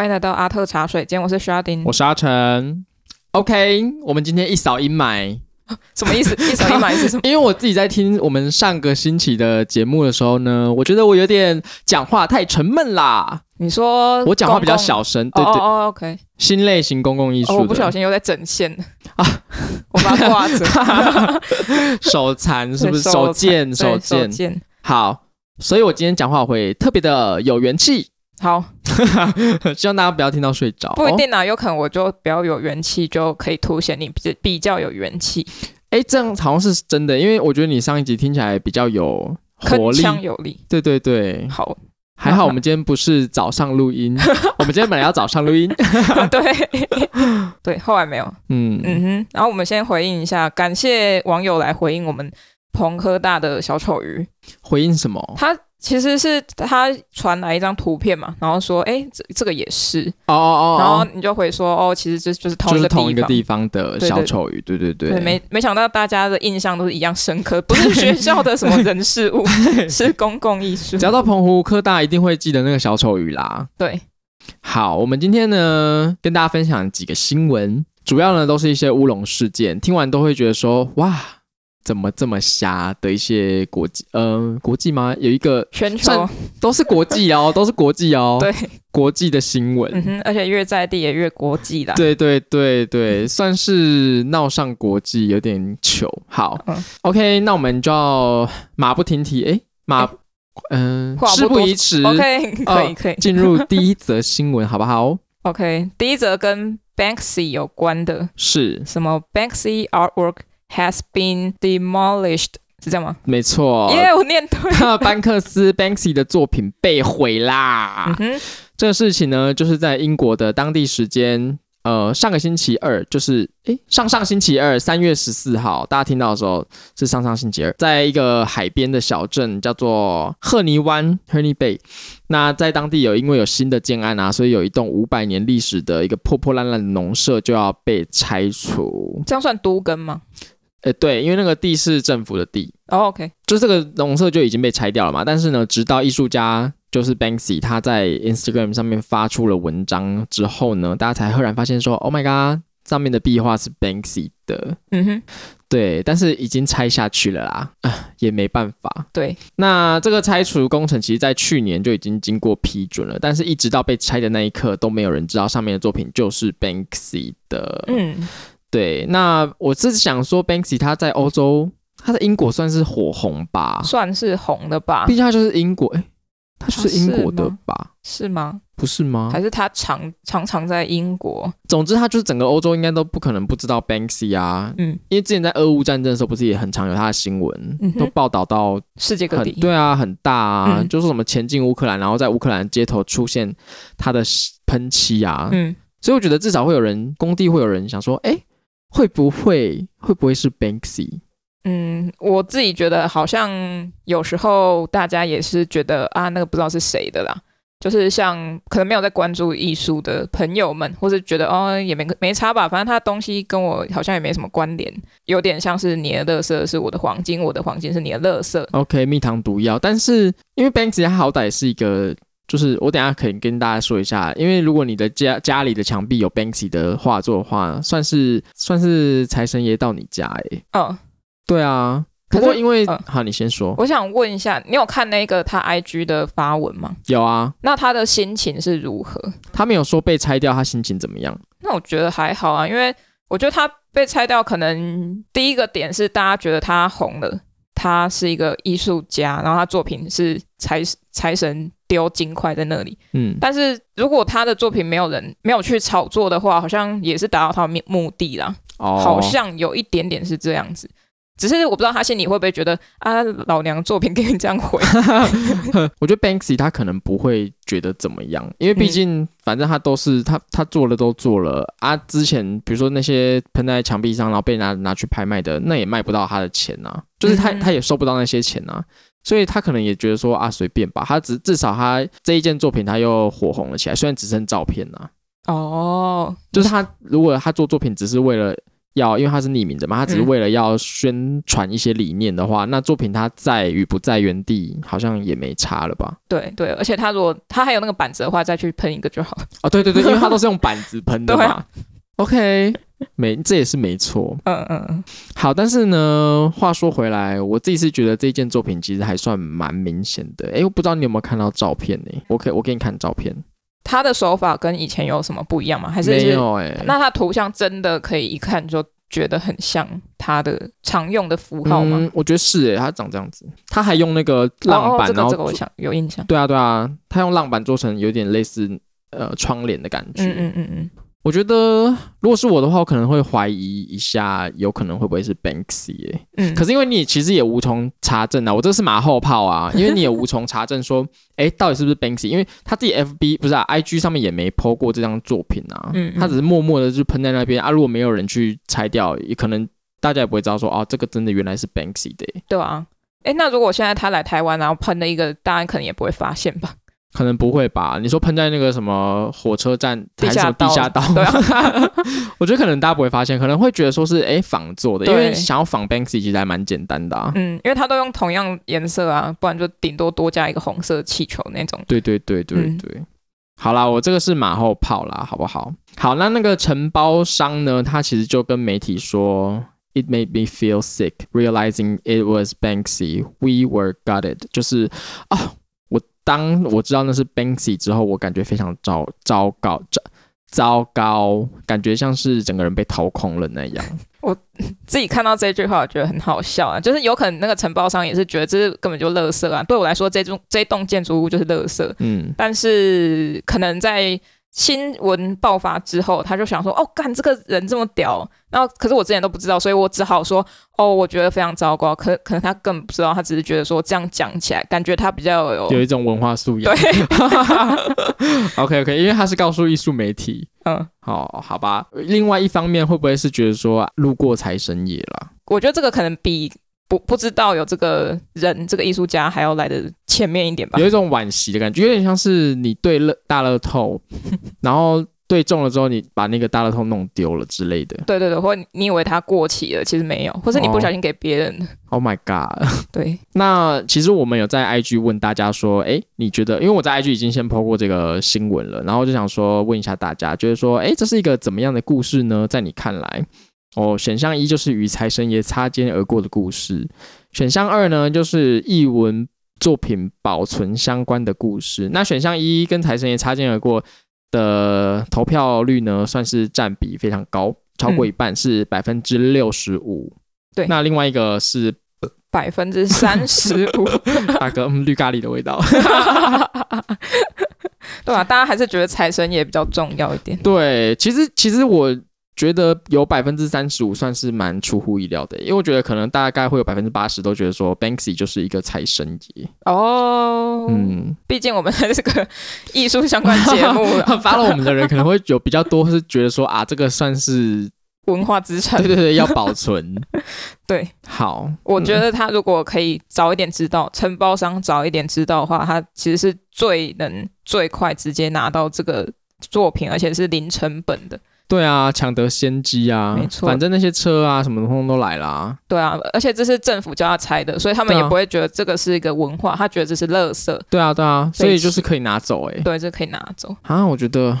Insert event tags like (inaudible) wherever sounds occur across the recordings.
歡迎來到阿特茶水間，今天我是沙丁，我是阿成。OK，我們今天一掃陰霾，什麼意思？一掃陰霾是什麼？ (laughs) 因為我自己在聽我們上個星期的節目的時候呢，我覺得我有點講話太沉悶啦。你說我講話比較小聲，哦、對對對、哦哦、，OK。新類型公共藝術、哦，我不小心又在整線啊！ (laughs) 我把它掛着， (laughs) (laughs) 手殘是不是？手賤，手賤殘，手賤。好，所以我今天講話會特別的有元氣。好， (laughs) 希望大家不要聽到睡着。不一定啊，有可能我就比較有元氣，就可以凸顯你比比較有元氣。哎、欸，正常是真的，因為我覺得你上一集聽起來比較有活力，有力。對對對，好，還好我們今天不是早上錄音， (laughs) 我們今天本來要早上錄音。 (laughs) (laughs) 對對，後來沒有。嗯嗯哼，然後我們先回應一下，感謝網友來回應我們彭科大的小丑魚。回應什麼？他。其實是他傳來一張圖片嘛，然後說，哎，這這個也是哦哦哦，oh, oh, oh, oh. 然後你就會說，哦，其實這、就是、就是同一個地方的小丑魚，對對對，對對對，對，沒沒想到大家的印象都是一樣深刻，不是學校的什麼人事物， (laughs) 對是公共藝術。只要到澎湖科大，一定會記得那個小丑魚啦。對，好，我們今天呢，跟大家分享幾個新聞，主要呢都是一些烏龍事件，聽完都會覺得說，哇。怎麼這麼瞎的一些國際呃國際嗎？有一個全球都是國際哦，都是國際哦，對，國際的新聞，而且越在地也越國際啦。對對對對，算是鬧上國際有點糗。好，OK，那我們就要馬不停蹄哎，馬嗯，事不宜遲，OK，可以可以可以進入第一則新聞好不好？OK，第一則跟 Banksy 有關的是什麼 Banksy artwork？Has been demolished 是這樣嗎？沒錯，耶，yeah, 我念對了。班克斯 （Banksy） 的作品被毀啦。Mm hmm. 這個事情呢，就是在英國的當地時間，呃，上個星期二，就是誒上上星期二，三月十四號，大家聽到的時候是上上星期二，在一個海邊的小鎮叫做赫尼灣 （Honey Bay）。那在當地有因為有新的建案啊，所以有一棟五百年歷史的一個破破爛爛的農舍就要被拆除。這樣算都更嗎？呃，對，因為那個地是政府的地。Oh，OK，就這個農舍就已經被拆掉了嘛。但是呢，直到藝術家就是 Banksy，他在 Instagram 上面發出了文章之後呢，大家才赫然發現說，Oh my god，上面的壁畫是 Banksy 的，嗯哼，對。但是已經拆下去了啦，啊，也沒辦法。對，那這個拆除工程其實，在去年就已經經過批准了，但是一直到被拆的那一刻，都沒有人知道上面的作品就是 Banksy 的，嗯。對，那我是想說，Banksy 他在歐洲，他在英國算是火紅吧，算是紅的吧。畢竟他就是英國、欸，他就是英國的吧？啊、是嗎？不是嗎？還是他常常常在英國？總之，他就是整個歐洲應該都不可能不知道 Banksy 啊。嗯，因為之前在俄烏戰爭的時候，不是也很常有他的新聞，嗯、哼都報道到世界各地。對啊，很大啊，嗯、就是什麼前進烏克蘭，然後在烏克蘭街頭出現他的噴漆啊。嗯，所以我覺得至少會有人工地會有人想說，哎、欸。會不會，會不會是 Banksy？嗯，我自己覺得好像有時候大家也是覺得啊，那個不知道是誰的啦，就是像可能沒有在關注藝術的朋友們，或是覺得哦，也沒沒差吧，反正他的東西跟我好像也沒什麼關聯，有點像是你的垃圾是我的黃金，我的黃金是你的垃圾。OK，蜜糖毒藥，但是因為 Banksy 他好歹是一個。就是我等下可以跟大家說一下，因為如果你的家家裡的牆壁有 Banksy 的畫作的話，算是算是財神爺到你家哎、欸。哦、嗯，對啊。不過因為好、嗯啊，你先說。我想問一下，你有看那個他 IG 的發文嗎？有啊。那他的心情是如何？他沒有說被拆掉，他心情怎麼樣？那我覺得還好啊，因為我覺得他被拆掉，可能第一個點是大家覺得他紅了，他是一個藝術家，然後他作品是財財神。丟金塊在那裡，嗯，但是如果他的作品沒有人、沒有去炒作的話，好像也是達到他的目目的啦。哦，好像有一點點是這樣子，只是我不知道他心裡會不會覺得啊，老娘作品給你這樣毀了。 (laughs) (laughs) 我覺得 Banksy 他可能不會覺得怎麼樣，因為畢竟反正他都是他、他做的都做了啊。之前比如說那些噴在牆壁上然後被拿、拿去拍賣的，那也賣不到他的錢啊，就是他嗯、嗯他也收不到那些錢啊。所以他可能也覺得說啊隨便吧，他只至少他這一件作品他又火紅了起來，雖然只剩照片吶、啊。哦，oh. 就是他如果他做作品只是為了要，因為他是匿名的嘛，他只是為了要宣傳一些理念的話，嗯、那作品他在與不在原地好像也沒差了吧？對對，而且他如果他還有那個板子的話，再去噴一個就好了。哦，對對對，因為他都是用板子噴的嘛。 (laughs) 對 OK。沒，這也是沒錯。嗯嗯嗯。好，但是呢，話說回來，我自己是覺得這件作品其實還算蠻明顯的。誒、欸，我不知道你有沒有看到照片呢？欸，我可以，我給你看照片。他的手法跟以前有什麼不一樣嗎？還是、就是、沒有誒、欸，那他圖像真的可以一看就覺得很像他的常用的符號嗎？嗯、我覺得是誒、欸，他長這樣子。他還用那個浪板，呢這，這個我想有印象。對啊對啊，他用浪板做成有點類似呃窗簾的感覺。嗯嗯嗯嗯。我覺得如果是我的話，我可能會懷疑一下，有可能會不會是 Banksy？嗯，可是因為你其實也無從查證啊，我這是馬後炮啊，因為你也無從查證說，哎， (laughs) 到底是不是 Banksy？因為他自己 FB 不是啊，IG 上面也沒 po 過這張作品啊，嗯嗯，他只是默默的就噴在那邊啊，如果沒有人去拆掉，也可能大家也不會知道說，啊、哦，這個真的原來是 Banksy 的。對啊，哎，那如果現在他來台灣，然後噴了一個，當然可能也不會發現吧。可能不會吧？你說噴在那個什麼火車站地下地下道，啊、 (laughs) 我覺得可能大家不會發現，可能會覺得說是哎、欸、仿做的，對因為想要仿 Banksy 其實還蠻簡單的、啊。嗯，因為他都用同樣顏色啊，不然就頂多多加一個紅色氣球那種。對對對對對。嗯、好啦，我這個是馬後炮啦，好不好？好，那那個承包商呢？他其實就跟媒體說：“It made me feel sick realizing it was Banksy. We were gutted.” 就是啊。哦當我知道那是 Banksy 之後，我感覺非常糟糟糕，糟糟糕，感覺像是整個人被掏空了那樣。我自己看到這句話，我覺得很好笑啊，就是有可能那個承包商也是覺得這根本就垃圾啊。對我來說這，這棟這棟建築物就是垃圾。嗯，但是可能在。新聞爆發之後，他就想說：“哦，幹這個人這麼屌。”然後，可是我之前都不知道，所以我只好說：“哦，我覺得非常糟糕。”可，可可能他更不知道，他只是覺得說這樣講起來，感覺他比較有有一種文化素養。對 (laughs) (laughs) ，OK OK，因為他是告訴藝術媒體。嗯，好、oh, 好吧。另外一方面，會不會是覺得說路過財神爺啦？我覺得這個可能比。不不知道有這個人，這個藝術家還要來的前面一點吧，有一種惋惜的感覺，有點像是你對樂大樂透， (laughs) 然後對中了之後，你把那個大樂透弄丟了之類的。對對對，或你以為它過期了，其實沒有，或是你不小心給別人。Oh. Oh my God！對， (laughs) 那其實我們有在 IG 問大家說，哎，你覺得，因為我在 IG 已經先 PO 過這個新聞了，然後就想說問一下大家，就是說，哎，這是一個怎麼樣的故事呢？在你看來？哦，選項一就是與財神爺擦肩而過的故事，選項二呢就是藝文作品保存相關的故事。那選項一跟財神爺擦肩而過的投票率呢，算是佔比非常高，超過一半是百分之六十五。對，那另外一個是百分之三十五。大哥、 (laughs) 啊嗯，綠咖喱的味道， (laughs) (laughs) 對吧，啊？大家還是覺得財神爺比較重要一點。對，其實其實我。覺得有百分之三十五算是蠻出乎意料的，欸，因為我覺得可能大概會有百分之八十都覺得說 Banksy 就是一個財神爺哦，oh, 嗯，畢竟我們還是個藝術相關節目， (laughs) 發了我們的人可能會有比較多是覺得說 (laughs) 啊，這個算是文化資產，對對對，要保存， (laughs) 對，好，我覺得他如果可以早一點知道，承包商早一點知道的話，他其實是最能最快直接拿到這個作品，而且是零成本的。對啊，搶得先機啊，沒錯，反正那些車啊什麼通通都來啦、啊。對啊，而且這是政府叫他拆的，所以他們也不會覺得這個是一個文化，他、啊、覺得這是垃圾。對啊，對啊，對啊，所以就是可以拿走哎、欸。對，這可以拿走啊。我覺得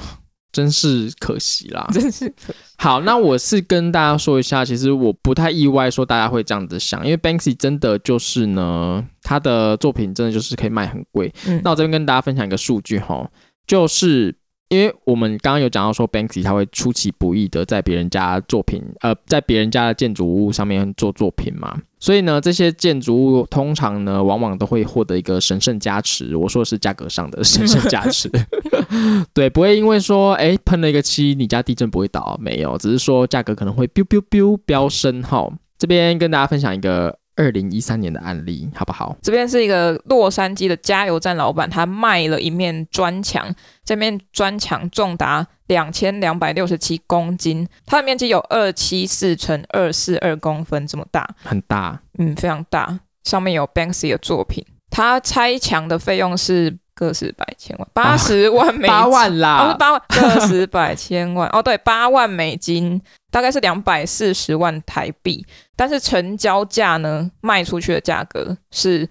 真是可惜啦，真是。好，那我是跟大家說一下，其實我不太意外說大家會這樣子想，因為 Banksy 真的就是呢，他的作品真的就是可以賣很貴。嗯、那我這邊跟大家分享一個數據哈、哦，就是。因為我們剛剛有講到說，Banksy 他會出其不意的在別人家作品，呃，在別人家的建築物上面做作品嘛，所以呢，這些建築物通常呢，往往都會獲得一個神聖加持。我說的是價格上的神聖加持， (laughs) (laughs) 對，不會因為說，哎，噴了一個漆，你家地震不會倒，沒有，只是說價格可能會 biu biu biu 飆升。齁，這邊跟大家分享一個。二零一三年的案例，好不好？這邊是一個洛杉磯的加油站老闆，他賣了一面磚牆。這面磚牆重達兩千兩百六十七公斤，它的面積有二七四乘二四二公分，這麼大，很大，嗯，非常大。上面有 Banksy 的作品。他拆牆的費用是。個十百千萬八十萬美金、哦、八萬啦，不、哦、是八萬，個 (laughs) 十百千萬哦，對，八萬美金大概是兩百四十萬台幣，但是成交價呢，賣出去的價格是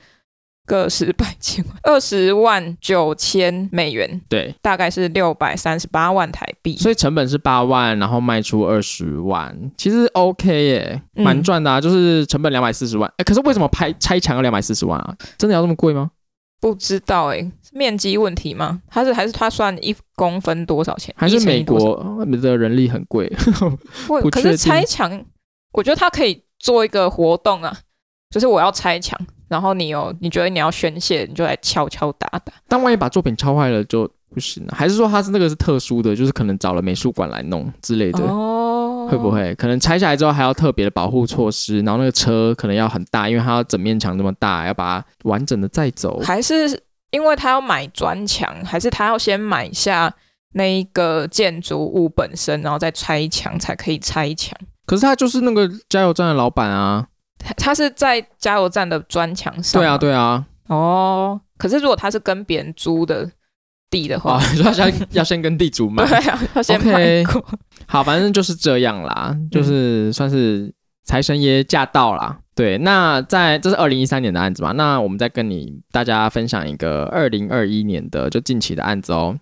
個十百千萬二十萬九千美元，對，大概是六百三十八萬台幣，對所以成本是八萬，然後賣出二十萬，其實 OK 耶，蠻賺的啊，嗯、就是成本兩百四十萬，哎、欸，可是為什麼拍拆牆要兩百四十萬啊？真的要這麼貴嗎？不知道哎、欸，面積問題嗎？是還是還是他算一公分多少錢？還是美國的人力很貴？不 (laughs) 定可是拆牆，我覺得他可以做一個活動啊，就是我要拆牆，然後你有你覺得你要宣洩，你就來敲敲打打。但萬一把作品敲壞了就不行了。還是說他是那個是特殊的，就是可能找了美術館來弄之類的？哦。會不會，可能拆下來之後還要特別的保護措施？然後那個車可能要很大，因為它要整面牆這麼大，要把它完整的載走。還是因為他要買磚牆，還是他要先買下那一個建築物本身，然後再拆牆才可以拆牆？可是他就是那個加油站的老闆啊。他，他是在加油站的磚牆上。對啊，對啊，對啊。哦，可是如果他是跟別人租的？地的話，要先要先跟地主買。要先配。好，反正就是這樣啦， (laughs) 就是算是財神爺駕到啦。對，那在這是二零一三年的案子嘛，那我們再跟你大家分享一個二零二一年的就近期的案子哦，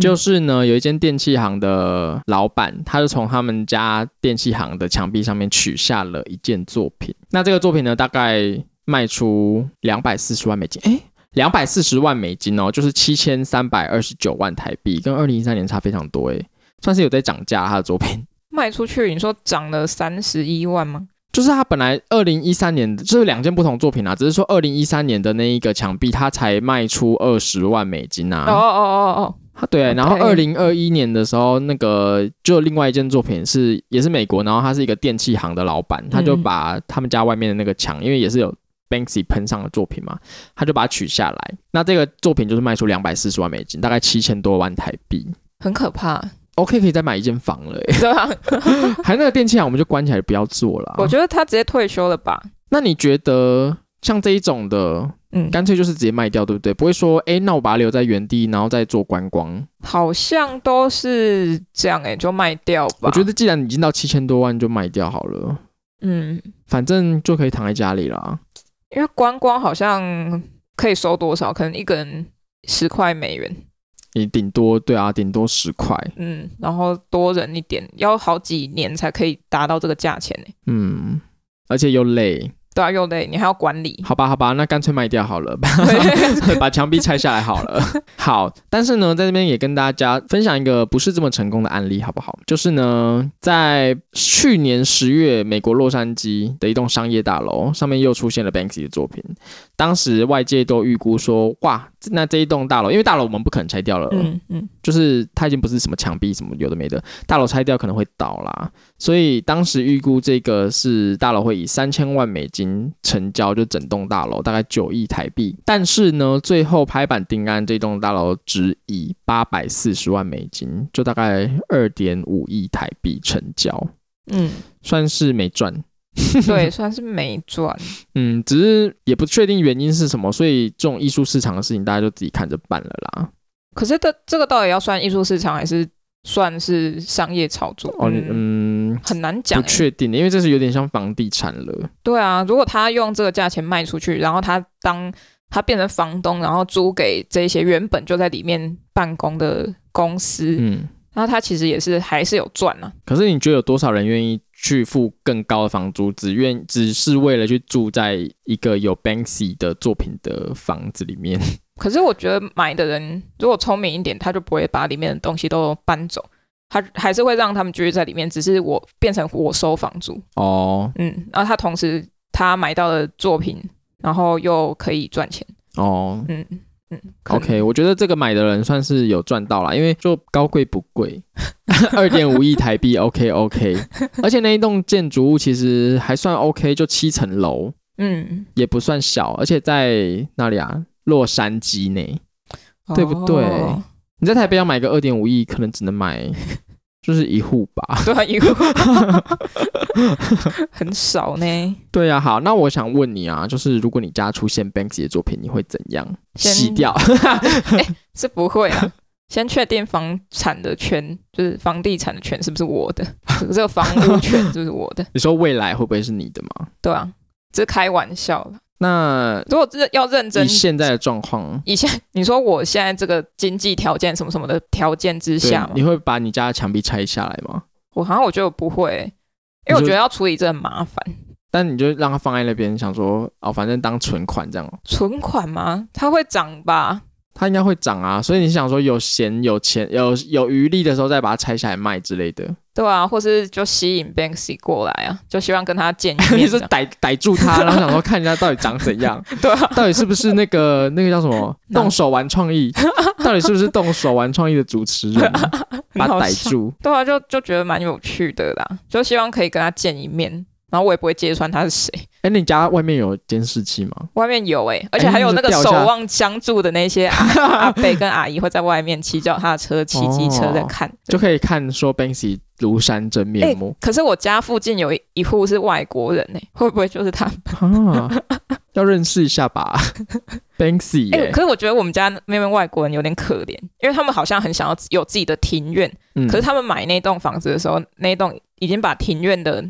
就是呢有一間電器行的老闆，他就從他們家電器行的牆壁上面取下了一件作品，那這個作品呢大概賣出兩百四十萬美金，欸兩百四十萬美金哦，就是七千三百二十九萬台幣，跟二零一三年差非常多誒，算是有在漲價、啊、他的作品賣出去，你說漲了三十一萬嗎？就是他本來二零一三年的就是兩件不同作品啊，只是說二零一三年的那一個牆壁，他才賣出二十萬美金吶、啊。哦哦哦哦哦，對、啊，然後二零二一年的時候，那個就另外一件作品是也是美國，然後他是一個電器行的老板，他就把他們家外面的那個牆，嗯、因為也是有。Banksy 噴上的作品嘛，他就把它取下來。那這個作品就是賣出兩百四十萬美金，大概七千多萬台幣，很可怕。OK，可以再買一間房了，欸，對吧、啊？ (laughs) 還有那個電器廠，我們就關起來不要做了。我覺得他直接退休了吧？那你覺得像這一種的，嗯，乾脆就是直接賣掉，對不對？不會說，哎，欸，那我把它留在原地，然後再做觀光？好像都是這樣，欸，哎，就賣掉吧。我覺得既然已經到七千多萬，就賣掉好了。嗯，反正就可以躺在家裡了。因為觀光好像可以收多少？可能一個人十塊美元，你頂多，對啊，頂多十塊。嗯，然後多人一點，要好幾年才可以達到這個價錢呢。嗯，而且又累。對啊、又要的，你還要管理？好吧，好吧，那乾脆賣掉好了，把牆對 (laughs) 壁拆下來好了。好，但是呢，在這邊也跟大家分享一個不是這麼成功的案例，好不好？就是呢，在去年十月，美國洛杉磯的一棟商業大樓上面又出現了 Banksy 的作品。當時外界都預估說，哇，那這一棟大樓，因為大樓我們不可能拆掉了，嗯嗯，嗯就是它已經不是什麼牆壁什麼有的沒的，大樓拆掉可能會倒啦。所以當時預估這個是大樓會以三千萬美金，成交，就整棟大樓大概九億台幣，但是呢，最後拍板定案這棟大樓只以八百四十萬美金，就大概二點五億台幣成交。嗯，算是沒賺，對，算是沒賺。 (laughs) 嗯，只是也不確定原因是什麼，所以這種藝術市場的事情，大家就自己看着辦了啦。可是這，這這個到底要算藝術市場還是？算是商業炒作，哦、嗯，嗯很難講、欸，不確定的，因為這是有點像房地產了。對啊，如果他用這個價錢賣出去，然後他當他變成房東，然後租給這些原本就在裡面辦公的公司，嗯，那他其實也是還是有賺啊。可是你覺得有多少人願意去付更高的房租，只願只是為了去住在一個有 Banksy 的作品的房子裡面？可是我覺得買的人如果聰明一點，他就不會把裡面的東西都搬走，他還是會讓他們居住在裡面。只是我變成我收房租哦，oh. 嗯，然後他同時他買到的作品，然後又可以賺錢哦、oh. 嗯，嗯嗯，OK，我覺得這個買的人算是有賺到啦，因為就高貴不貴，二點五億台幣 (laughs) ，OK OK，而且那一棟建築物其實還算 OK，就七層樓，嗯，也不算小，而且在哪裡啊？洛杉磯呢，oh. 對不對？你在台北要買個二點五億，可能只能買就是一戶吧。對啊，一戶 (laughs) 很少呢。對啊，好，那我想問你啊，就是如果你家出現 Banksy 的作品，你會怎樣洗掉、哎？是不會啊，先確定房產的權，就是房地產的權是不是我的？ (laughs) 這個房屋權是不是我的？你說未來會不會是你的嗎？對啊，這開玩笑了。那如果真的要認真，以現在的狀況，以前你說我現在這個經濟條件什麼什麼的條件之下，你會把你家的牆壁拆下來嗎？我好像我覺得我不會、欸，因為我覺得要處理這很麻煩。但你就讓它放在那邊，想說哦，反正當存款這樣。存款嗎？它會漲吧？它應該會漲啊，所以你想說有閒有錢有有餘力的時候再把它拆下來賣之類的，對啊，或是就吸引 Banksy 過來啊，就希望跟他見一面，你說 (laughs) 逮逮住他，然後想說看一下到底長怎樣， (laughs) 對啊，到底是不是那個那個叫什麼那動手玩創意，到底是不是動手玩創意的主持人， (laughs) (laughs) 把他逮住，對啊，就就覺得蠻有趣的啦，就希望可以跟他見一面。然後我也不會揭穿他是誰。哎、欸，你家外面有監視器嗎？外面有哎、欸，而且還有那個守望相助的那些阿,、欸、阿伯跟阿姨會在外面騎腳踏車、騎機車在看，哦、對就可以看說 Banksy 廬山真面目、欸。可是我家附近有一戶是外國人哎、欸，會不會就是他們？啊、要認識一下吧 (laughs) ，Banksy、欸欸。可是我覺得我們家那邊外國人有點可憐，因為他們好像很想要有自己的庭院，嗯、可是他們買那棟房子的時候，那棟已經把庭院的。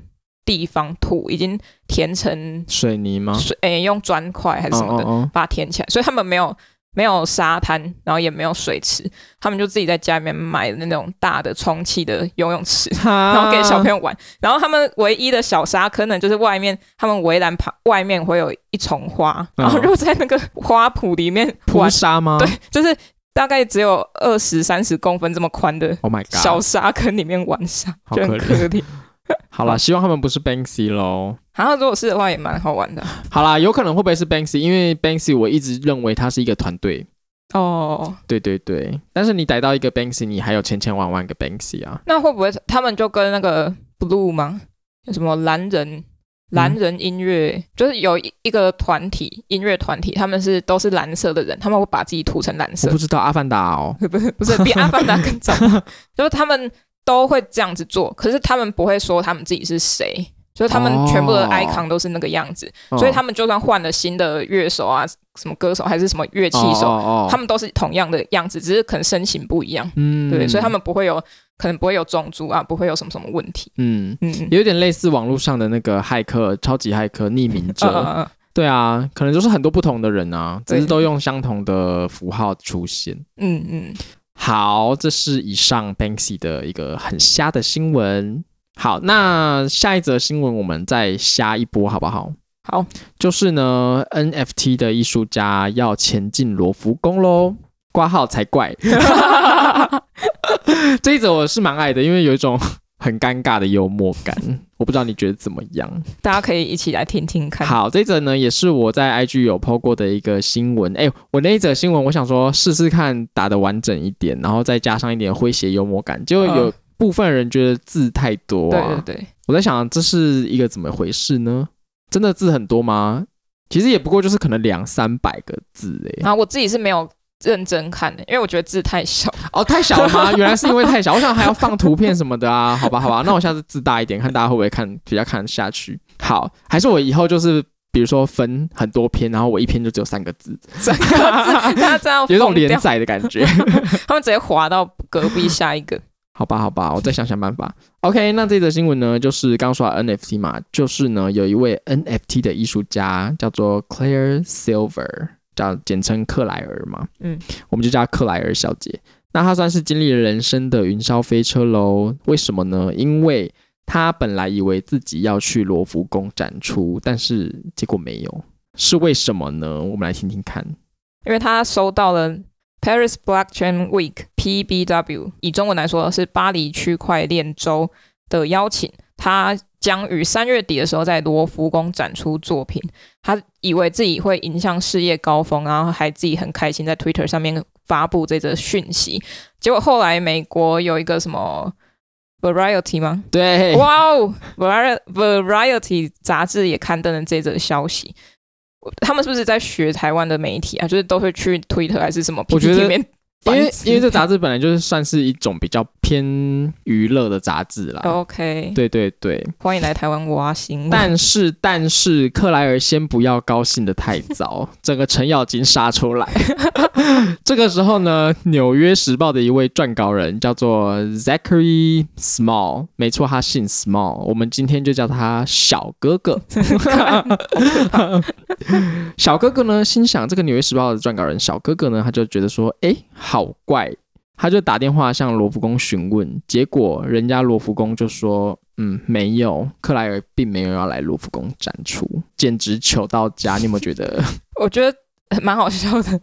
地方土已經填成水泥嗎？水，哎，用磚塊還是什麼的哦哦哦把它填起來，所以他們沒有沒有沙灘，然後也沒有水池，他們就自己在家裡面買那種大的充氣的游泳池，啊、然後給小朋友玩。然後他們唯一的小沙坑呢，就是外面他們圍欄旁外面會有一叢花，嗯哦、然後就在那個花圃裡面玩沙嗎？對，就是大概只有二十三十公分這麼寬的 my god，小沙坑裡面玩沙、oh、就很可憐。 (laughs) 好啦，希望他們不是 Banksy 咯。好像、啊、如果是的話，也蠻好玩的。 (laughs) 好啦，有可能會不會是 Banksy？因為 Banksy 我一直認為他是一個團隊。哦，oh. 對對對。但是你逮到一個 Banksy，你還有千千萬萬個 Banksy 啊。那會不會他們就跟那個 Blue 嗎？有什麼藍人？藍人音樂、嗯、就是有一一個團體，音樂團體，他們是都是藍色的人，他們會把自己塗成藍色。我不知道阿凡達哦， (laughs) 不是不是比阿凡達更早， (laughs) 就是他們。都會這樣子做，可是他們不會說他們自己是誰，所以他們全部的 icon 都是那個樣子，哦、所以他們就算換了新的樂手啊，哦、什麼歌手還是什麼樂器手，哦哦哦他們都是同樣的樣子，只是可能身形不一樣。嗯，對，對，所以他們不會有，可能不會有種族啊，不會有什麼什麼問題。嗯嗯，嗯有點類似網絡上的那個駭客，超級駭客，匿名者。哦哦哦對啊，可能就是很多不同的人啊，只是都用相同的符號出現。嗯嗯。嗯好，這是以上 Banksy 的一個很瞎的新聞。好，那下一則新聞我們再瞎一波，好不好？好，就是呢，NFT 的藝術家要前進羅浮宮嘍，括號，才怪。 (laughs) (laughs) (laughs) 這一則我是蠻愛的，因為有一種。 (laughs) 很尷尬的幽默感，我不知道你覺得怎麼樣？ (laughs) 大家可以一起來聽聽看。好，這一則呢也是我在 IG 有 PO 過的一個新聞。哎、欸，我那一則新聞，我想說試試看打得完整一點，然後再加上一點詼諧幽默感，就有部分人覺得字太多，啊呃。對對對，我在想這是一個怎麼回事呢？真的字很多嗎？其實也不過就是可能兩三百個字欸。啊，我自己是沒有。認真看、欸，因為我覺得字太小。哦，太小了嗎？原來是因為太小。 (laughs) 我想還要放圖片什麼的啊？好吧，好吧，那我下次字大一點，看大家會不會看比較看得下去。好，還是我以後就是，比如說分很多篇，然後我一篇就只有三個字，三個 (laughs) 字，大家有種連載的感覺， (laughs) 他們直接滑到隔壁下一個。 (laughs) 好吧，好吧，我再想想辦法。 (laughs) OK，那這則新聞呢，就是剛剛說 NFT 嘛，就是呢，有一位 NFT 的藝術家叫做 Claire Silver。叫簡稱克萊爾嘛，嗯，我們就叫克萊爾小姐。那她算是經歷了人生的雲霄飛車嘍？為什麼呢？因為她本來以為自己要去羅浮宮展出，但是結果沒有，是為什麼呢？嗯，我們來聽聽看。因為她收到了 Paris Blockchain Week（PBW），以中文來說是巴黎區塊鏈周的邀請，她。將於三月底的時候在羅浮宮展出作品，他以為自己會迎向事業高峰，然後還自己很開心在 Twitter 上面發布這則訊息。結果後來美國有一個什麼 Variety 嗎？對，哇哦，Variety, Variety 雜誌也刊登了這則消息。他們是不是在學台灣的媒體啊？就是都會去 Twitter 還是什麼？我覺得。因為因為這雜誌本來就是算是一種比較偏娛樂的雜誌啦。OK，對對對，歡迎來台灣挖心。但是但是，克萊爾先不要高興得太早， (laughs) 整個程咬金殺出來。 (laughs) 這個時候呢，紐約時報的一位撰稿人叫做 Zachary Small，沒錯，他姓 Small，我們今天就叫他小哥哥。 (laughs) (laughs) (laughs) 小哥哥呢，心想這個紐約時報的撰稿人小哥哥呢，他就覺得說，哎、欸。好怪，他就打電話向羅浮宮詢問，結果人家羅浮宮就說：“嗯，沒有，克萊爾並沒有要來羅浮宮展出。”簡直糗到家，你有沒有覺得？ (laughs) 我覺得蠻好笑的，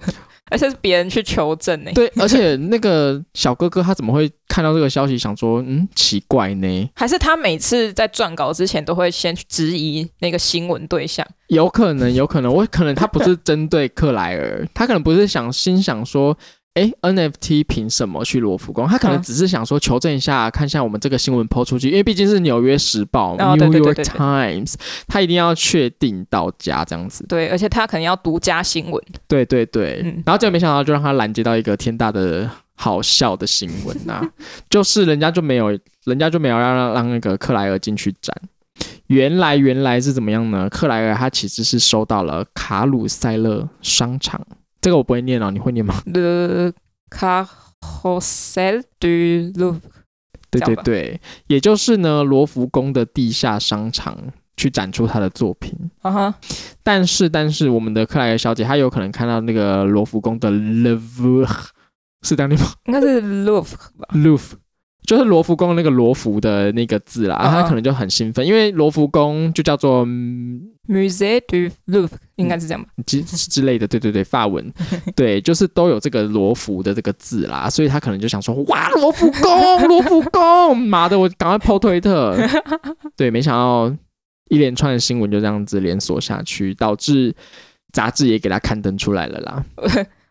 而且是別人去求證呢、欸。對，而且那個小哥哥他怎麼會看到這個消息，想說：“嗯，奇怪呢？”還是他每次在撰稿之前都會先去質疑那個新聞對象？有可能，有可能，我可能他不是針對克萊爾， (laughs) 他可能不是想心想說。哎，NFT 憑什麼去羅浮宮？他可能只是想說求證一下、啊，啊、看一下我們這個新聞播出去，因為畢竟是《紐約時報》哦、（New York Times），他一定要確定到家這樣子。對，而且他可能要獨家新聞。對對對，嗯、然後結果沒想到，就讓他攔截到一個天大的好笑的新聞啊！嗯、就是人家就沒有， (laughs) 人家就沒有讓讓那個克萊爾進去展。原來原來是怎麼樣呢？克萊爾他其實是收到了卡魯塞勒商場。這個我不會念哦，你會念嗎？The Carrousel du Louvre。對對對，也就是呢，羅浮宮的地下商場去展出他的作品。哈哈、uh，huh. 但是但是，我們的克萊爾小姐她有可能看到那個羅浮宮的 Louvre 是當地嗎？應該是 Louvre 吧。Louvre 就是羅浮宮那個羅浮的那個字啦，uh huh. 她可能就很興奮，因為羅浮宮就叫做。嗯 m u s i c du l o u v e 應該是這樣吧，之之類的，對對對，法文， (laughs) 對，就是都有這個羅浮的這個字啦，所以他可能就想說，哇，羅浮宮，羅浮宮，媽 (laughs) 的，我趕快拋推特， (laughs) 對，沒想到一連串的新聞就這樣子連鎖下去，導致雜誌也給他刊登出來了啦。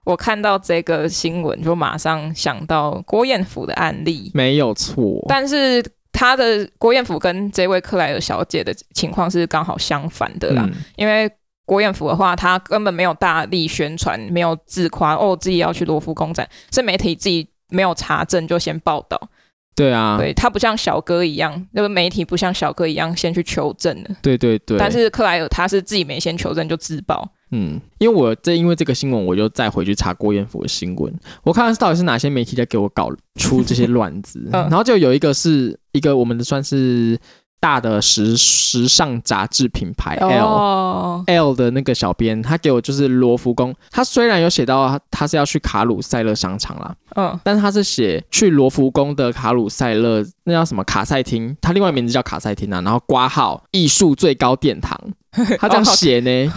我看到這個新聞，就馬上想到郭彥甫的案例，沒有錯，但是。他的郭彥甫跟這位克萊爾小姐的情況是剛好相反的啦，嗯、因為郭彥甫的話，他根本沒有大力宣傳，沒有自誇哦，自己要去羅浮宮展，是媒體自己沒有查證就先報道。對啊，對他不像小哥一樣，就是媒體不像小哥一樣先去求證的。對對對，但是克萊爾他是自己沒先求證就自曝。嗯，因為我這因為這個新聞，我就再回去查郭彥甫的新聞，我看，看是到底是哪些媒體在給我搞出這些亂子， (laughs) 然後就有一個是一個我們算是。大的時時尚雜誌品牌 L、oh. L 的那個小編，他給我就是羅浮宮，他雖然有寫到他是要去卡魯塞勒商場啦，嗯，oh. 但是他是寫去羅浮宮的卡魯塞勒，那叫什麼卡塞廷，他另外名字叫卡塞廷啊，然後括號藝術最高殿堂，他這樣寫呢，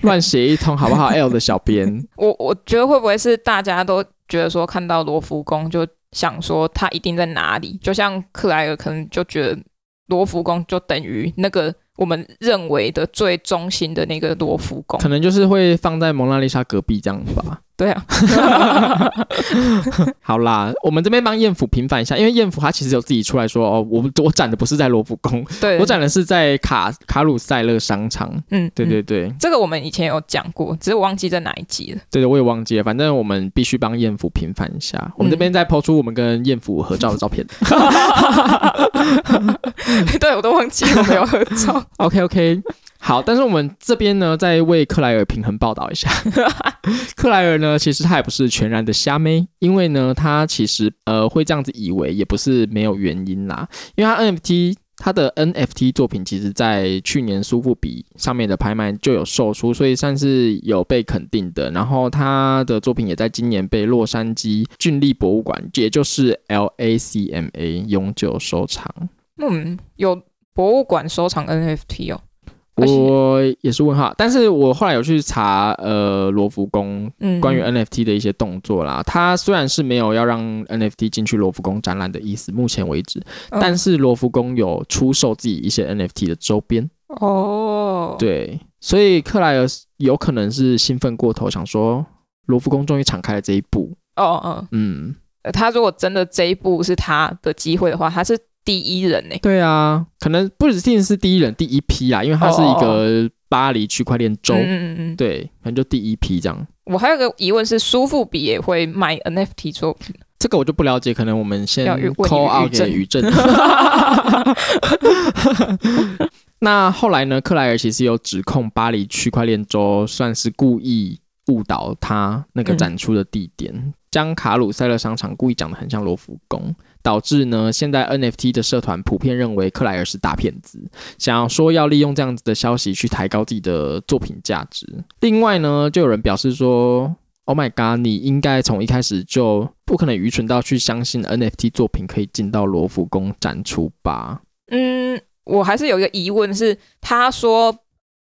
亂寫、oh, okay. 一通好不好？L 的小編， (laughs) 我我覺得會不會是大家都覺得說看到羅浮宮就想說他一定在哪裡，就像克萊爾可能就覺得。羅浮宮就等於那個我們認為的最中心的那個羅浮宮，可能就是會放在蒙娜麗莎隔壁這樣子吧。對啊， (laughs) (laughs) 好啦，我們這邊幫彥甫平反一下，因為彥甫他其實有自己出來說哦，我我展的不是在羅浮宮，對的我展的是在卡卡魯塞勒商場。嗯，對對對、嗯，這個我們以前有講過，只是我忘記在哪一集了。對對，我也忘記了，反正我們必須幫彥甫平反一下。我們這邊再 PO 出我們跟彥甫合照的照片。哈，對，我都忘記了沒有合照。 (laughs) OK OK。好，但是我們這邊呢，再為克萊爾平衡報道一下。 (laughs) 克萊爾呢，其實他也不是全然的瞎妹，因為呢，他其實呃會這樣子以為，也不是沒有原因啦。因為他 NFT 他的 NFT 作品，其實，在去年蘇富比上面的拍賣就有售出，所以算是有被肯定的。然後他的作品也在今年被洛杉磯郡立博物館，也就是 LACMA 永久收藏。嗯，有博物館收藏 NFT 哦。我也是問號，但是我後來有去查，呃，羅浮宮關於 NFT 的一些動作啦。嗯哼。他雖然是沒有要讓 NFT 進去羅浮宮展覽的意思，目前為止，但是羅浮宮有出售自己一些 NFT 的周邊。哦，對，所以克萊爾有可能是興奮過頭，想說羅浮宮終於敞開了這一步。哦，哦，哦，嗯，他如果真的這一步是他的機會的話，他是。第一人呢、欸？對啊，可能不只定是第一人，第一批啊，因為它是一個巴黎區塊鏈週。嗯，對，可能就第一批這樣。我還有個疑問是，蘇富比也會賣 NFT 作品？這個我就不了解，可能我們先 call out 給余震。 (laughs) (laughs) 那後來呢？克萊爾其實有指控巴黎區塊鏈週算是故意誤導他那個展出的地點，將、嗯、卡魯塞勒商場故意講的很像羅浮宮。導致呢，現在 NFT 的社團普遍認為克萊爾是大騙子，想要說要利用這樣子的消息去抬高自己的作品價值。另外呢，就有人表示說：“Oh my god，你應該從一開始就不可能愚蠢到去相信 NFT 作品可以進到羅浮宮展出吧？”嗯，我還是有一個疑問是，他說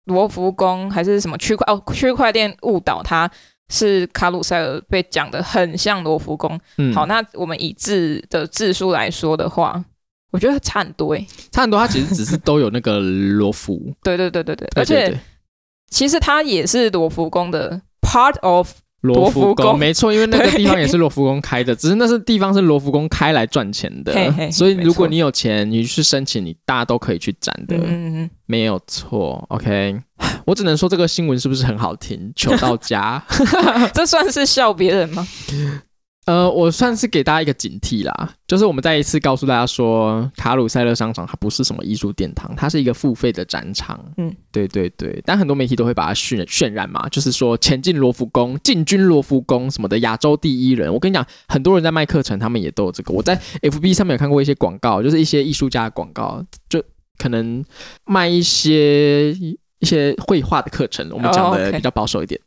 羅浮宮還是什麼區塊哦區塊鏈誤導他。是卡魯塞爾被講得很像羅浮宮，嗯，好，那我們以字的字數來說的話，我覺得差很多誒、欸，差很多，它其實只是都有那個羅浮， (laughs) 對對對對對，對對對，而且，對對對，其實它也是羅浮宮的 part of。羅浮宮沒錯，因為那個地方也是羅浮宮開的，對只是那是地方是羅浮宮開來賺錢的， (laughs) 嘿嘿，所以如果你有錢，錯你去申請，你大家都可以去展的，嗯嗯嗯，沒有錯。OK， (laughs) 我只能說這個新聞是不是很好聽？窮到家， (laughs) 這算是笑別人嗎？ (laughs) 呃，我算是給大家一個警惕啦，就是我們再一次告訴大家說，卡魯塞勒商場它不是什麼藝術殿堂，它是一個付費的展場。嗯，對對對，但很多媒體都會把它渲渲染嘛，就是說前進羅浮宮，進軍羅浮宮什麼的，亞洲第一人。我跟你講，很多人在賣課程，他們也都有這個。我在 FB 上面有看過一些廣告，就是一些藝術家的廣告，就可能賣一些一些繪畫的課程。我們講的比較保守一點。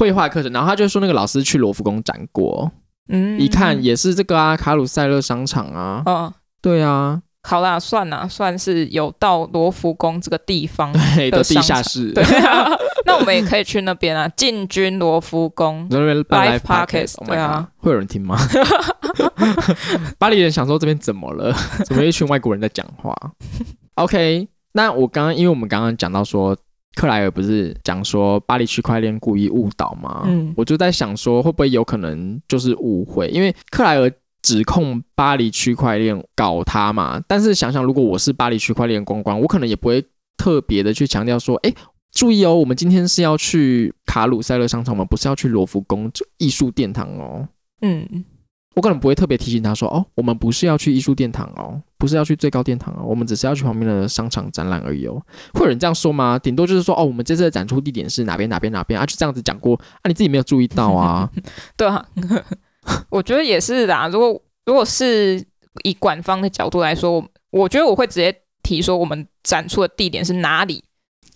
繪畫課程，然後他就說那個老師去羅浮宮展過，嗯，一看、嗯、也是這個啊，卡魯塞勒商場啊，哦，對啊，好啦，算啦，算是有到羅浮宮這個地方的，的地下室，對啊， (laughs) (laughs) 那我們也可以去那邊啊，進軍羅浮宮 (laughs) ，Live podcast, 對啊，Oh my God, 會有人聽嗎？ (laughs) 巴黎人想說這邊怎麼了？怎麼有一群外國人在講話 (laughs) ？OK，那我剛剛因為我們剛剛講到說。克萊爾不是講說巴黎區塊鏈故意誤導嗎？嗯，我就在想說會不會有可能就是誤會，因為克萊爾指控巴黎區塊鏈搞他嘛。但是想想，如果我是巴黎區塊鏈公關，我可能也不會特別的去強調說，哎、欸，注意哦，我們今天是要去卡魯塞勒商場，我們不是要去羅浮宮藝術殿堂哦。嗯。我可能不會特別提醒他說：“哦，我們不是要去藝術殿堂哦，不是要去最高殿堂哦，我們只是要去旁邊的商場展覽而已哦。”會有人這樣說嗎？頂多就是說：“哦，我們這次展出地點是哪邊哪邊哪邊啊？”就這樣子講過啊？你自己沒有注意到啊？ (laughs) 對啊，我覺得也是的。如果如果是以館方的角度來說，我我覺得我會直接提說我們展出的地點是哪裡，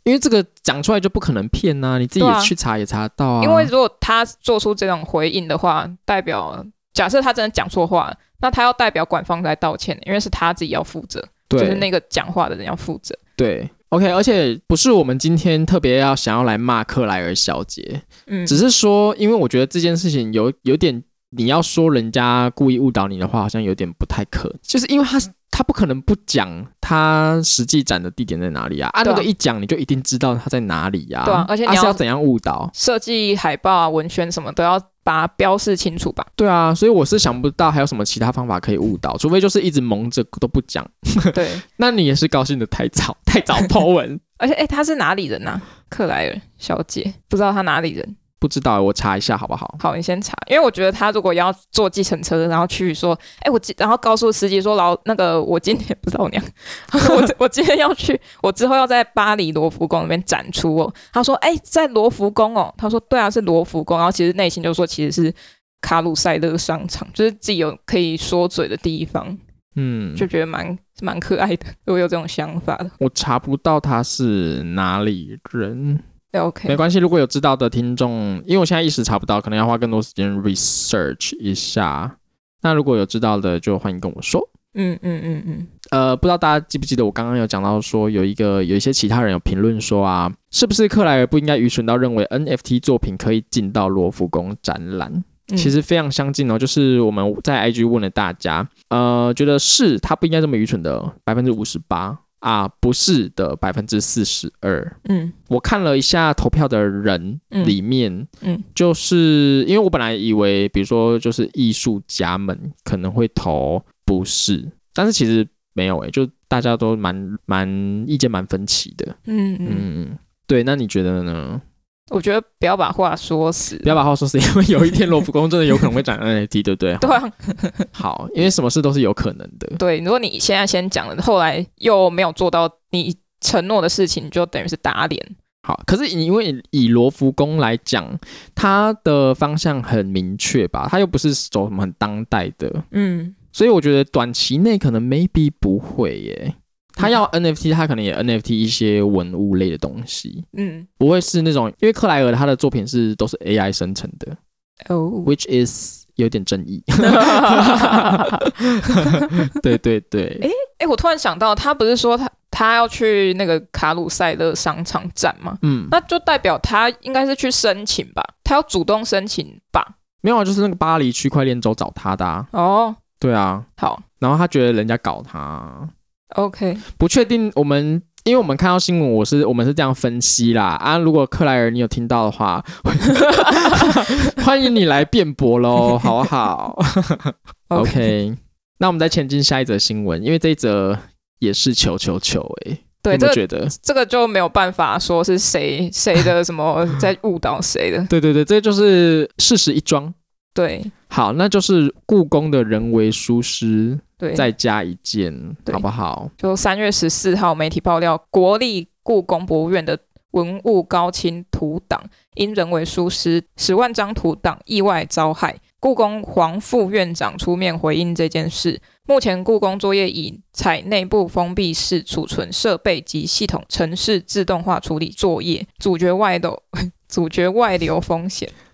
因為這個講出來就不可能騙吶、啊，你自己也去查也查得到啊，啊。因為如果他做出這種回應的話，代表。假設他真的講錯話，那他要代表官方來道歉的，因為是他自己要負責，對就是那個講話的人要負責。對，OK，而且不是我們今天特別要想要來罵克萊爾小姐，嗯，只是說，因為我覺得這件事情有有點。你要說人家故意誤導你的話，好像有點不太可，就是因為他他不可能不講，他實際展的地點在哪裡啊？按、啊、那個一講，你就一定知道他在哪裡呀、啊？對啊，啊而且你是要怎樣誤導？設計海報啊、文宣什麼都要把它標示清楚吧？對啊，所以我是想不到還有什麼其他方法可以誤導，除非就是一直蒙着都不講。 (laughs) 對， (laughs) 那你也是高興的太早，太早 Po 文。 (laughs) 而且，誒、欸，他是哪裡人吶、啊？克萊爾小姐不知道他哪裡人。不知道、欸，我查一下好不好？好，你先查，因為我覺得他如果要坐計程車，然後去說，哎、欸，我然後告訴司機說，老那個我今天不知道我娘 (laughs) 我，我今天要去，我之後要在巴黎羅浮宮裡面展出哦。他說，哎、欸，在羅浮宮哦、喔，他說對啊，是羅浮宮。然後其實內心就說，其實是卡魯塞勒商場，就是自己有可以說嘴的地方，嗯，就覺得蠻蠻可愛的。我有這種想法，我查不到他是哪裡人。沒關係，okay，如果有知道的聽眾，因為我現在一時查不到，可能要花更多時間 research 一下。那如果有知道的，就歡迎跟我說。嗯嗯嗯嗯。嗯嗯嗯呃，不知道大家記不記得我剛剛有講到說，有一個有一些其他人有評論說啊，是不是克萊爾不應該愚蠢到認為 NFT 作品可以進到羅浮宮展覽？嗯，其實非常相近哦，就是我們在 IG 問了大家，呃，覺得是他不應該這麼愚蠢的百分之五十八。啊，不是的，百分之四十二。嗯，我看了一下投票的人裡面，嗯，嗯，就是因為我本來以為，比如說就是藝術家們可能會投不是，但是其實沒有哎、欸，就大家都蠻蠻意見蠻分歧的。嗯嗯嗯，對，那你覺得呢？我覺得不要把話說死，不要把話說死，因為有一天羅浮宮真的有可能會漲 NFT， (laughs) 對不對？對啊，好，因為什麼事都是有可能的。對，如果你現在先講了，後來又沒有做到你承諾的事情，你就等於是打臉。好，可是你因為以，以羅浮宮來講，它的方向很明確吧？它又不是走什麼很當代的，嗯，所以我覺得短期內可能 maybe 不會耶。他要 NFT，他可能也 NFT 一些文物類的東西，嗯，不會是那種，因為克萊爾他的作品是都是 AI 生成的、oh.，which is 有點爭議， (laughs) (laughs) (laughs) 對對對，對、欸，哎、欸、我突然想到，他不是說他他要去那個卡魯塞勒商場展嗎？嗯，那就代表他應該是去申請吧，他要主動申請吧？沒有，啊，就是那個巴黎區塊鏈周找他的、啊，哦，oh. 對啊，好，然後他覺得人家搞他。OK，不確定，我們因為我們看到新聞，我是我們是這樣分析啦啊！如果克萊爾你有聽到的話，呵呵 (laughs) (laughs) 歡迎你來辯駁嘍，好不好？OK，, okay. 那我們再前進下一則新聞，因為這一則也是糗糗糗哎，對，有沒有覺得、這個、這個就沒有辦法說是誰誰的什麼在誤導誰的， (laughs) 對對對，這就是事實一樁，對。好，那就是故宮的人為疏失，對，再加一件，對好不好？就三月十四號，媒體爆料，國立故宮博物院的文物高清圖檔因人為疏失，十萬張圖檔意外遭害。故宮黃副院長出面回應這件事，目前故宮作業已採內部封閉式儲存設備及系統，程式自動化處理作業，杜絕外斗，杜絕外流風險。 (laughs)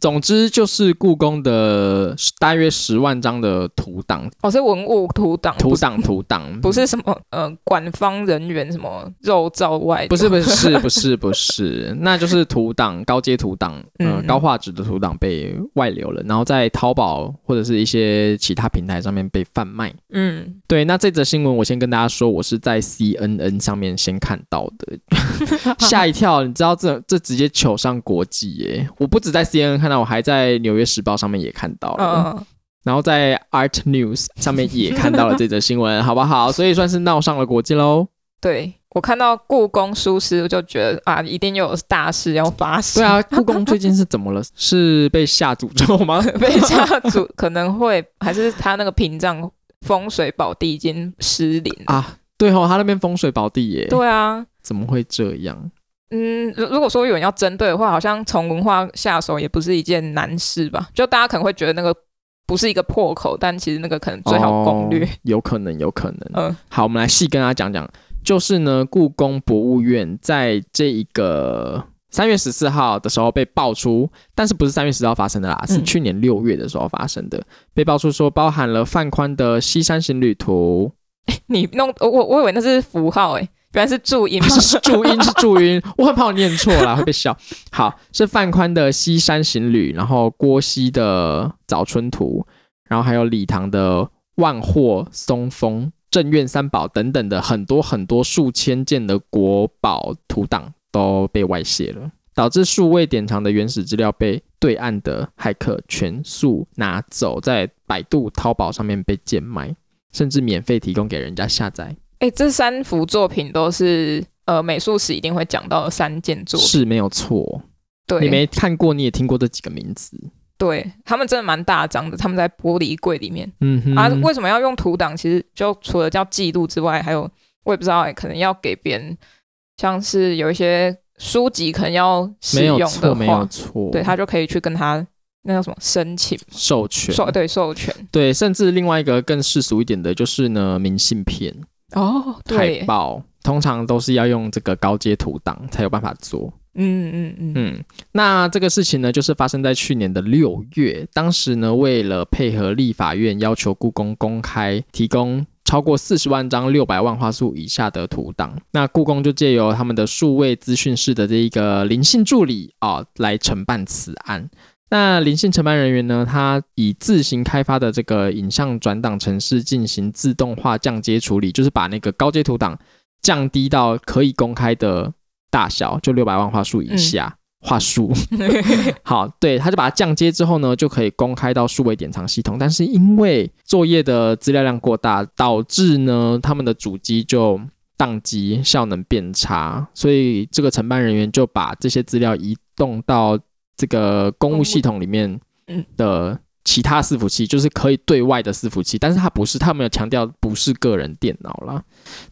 總之就是故宮的大約十萬張的圖檔哦，是文物圖檔，圖檔圖檔不是什麼呃官方人員什麼肉照外，不是不是不是不是， (laughs) 那就是圖檔 (laughs) 高階圖檔，嗯，高畫質的圖檔被外流了，然後在淘寶或者是一些其他平台上面被販賣。嗯，對，那這則新聞我先跟大家說，我是在 CNN 上面先看到的，嚇 (laughs) 一跳， (laughs) 你知道這這直接求上國際耶，欸，我不只在 CNN。看到我還在《紐約時報》上面也看到了，嗯、然後在 Art News 上面也看到了這則新聞， (laughs) 好不好？所以算是鬧上了國際嘍。對，我看到故宮失事，就覺得啊，一定又有大事要發生。對啊，故宮最近是怎麼了？ (laughs) 是被下詛咒嗎？ (laughs) 被下詛，可能會還是他那個屏障風水寶地已經失靈啊？對吼、哦，他那邊風水寶地耶。對啊，怎麼會這樣？嗯，如，如果說有人要針對的話，好像從文化下手也不是一件難事吧？就大家可能會覺得那個不是一個破口，但其實那個可能最好攻略，哦、有可能，有可能。嗯，好，我們來細跟大家講講，就是呢，故宮博物院在這一個三月十四號的時候被爆出，但是不是三月十四號發生的啦，是去年六月的時候發生的，嗯、被爆出說包含了范寬的《溪山行旅圖》誒。你弄我我我以為那是符號哎、欸。原來是注音， (laughs) 是注音，是注音。我很怕我念錯了 (laughs) 會被笑。好，是范寬的《溪山行旅》，然後郭熙的《早春圖》，然後還有李唐的《萬壑松風》《鎮院三寶》等等的很多很多數千件的國寶圖檔都被外泄了，導致數位典藏的原始資料被對岸的駭客全數拿走，在百度、淘寶上面被賤賣，甚至免費提供給人家下載。哎、欸，這三幅作品都是呃美術史一定會講到的三件作品。是沒有錯。對，你沒看過，你也聽過這幾個名字。對他們真的蠻大張的，他們在玻璃櫃裡面。嗯哼。啊，為什麼要用圖檔？其實就除了叫記錄之外，還有我也不知道哎、欸，可能要給別人，像是有一些書籍可能要使用的話沒有錯，沒有錯。對他就可以去跟他那叫什麼申請授權，授對授權。對，甚至另外一個更世俗一點的就是呢明信片。哦，海報通常都是要用這個高階圖檔才有辦法做。嗯嗯嗯嗯，那這個事情呢，就是發生在去年的六月，當時呢，為了配合立法院要求故宮公開提供超過四十萬張六百萬畫素以下的圖檔，那故宮就借由他們的數位資訊室的這一個靈性助理啊、哦，來承辦此案。那林姓承辦人員呢？他以自行開發的這個影像轉檔程式進行自動化降階處理，就是把那個高階圖檔降低到可以公開的大小，就六百萬畫素以下畫素、嗯、畫素 (laughs) 好，對，他就把它降階之後呢，就可以公開到數位典藏系統。但是因為作業的資料量過大，導致呢他們的主機就宕機，效能變差，所以這個承辦人員就把這些資料移動到。這個公務系統裡面的其他伺服器，就是可以對外的伺服器，嗯、但是它不是，他們有強調不是個人電腦啦。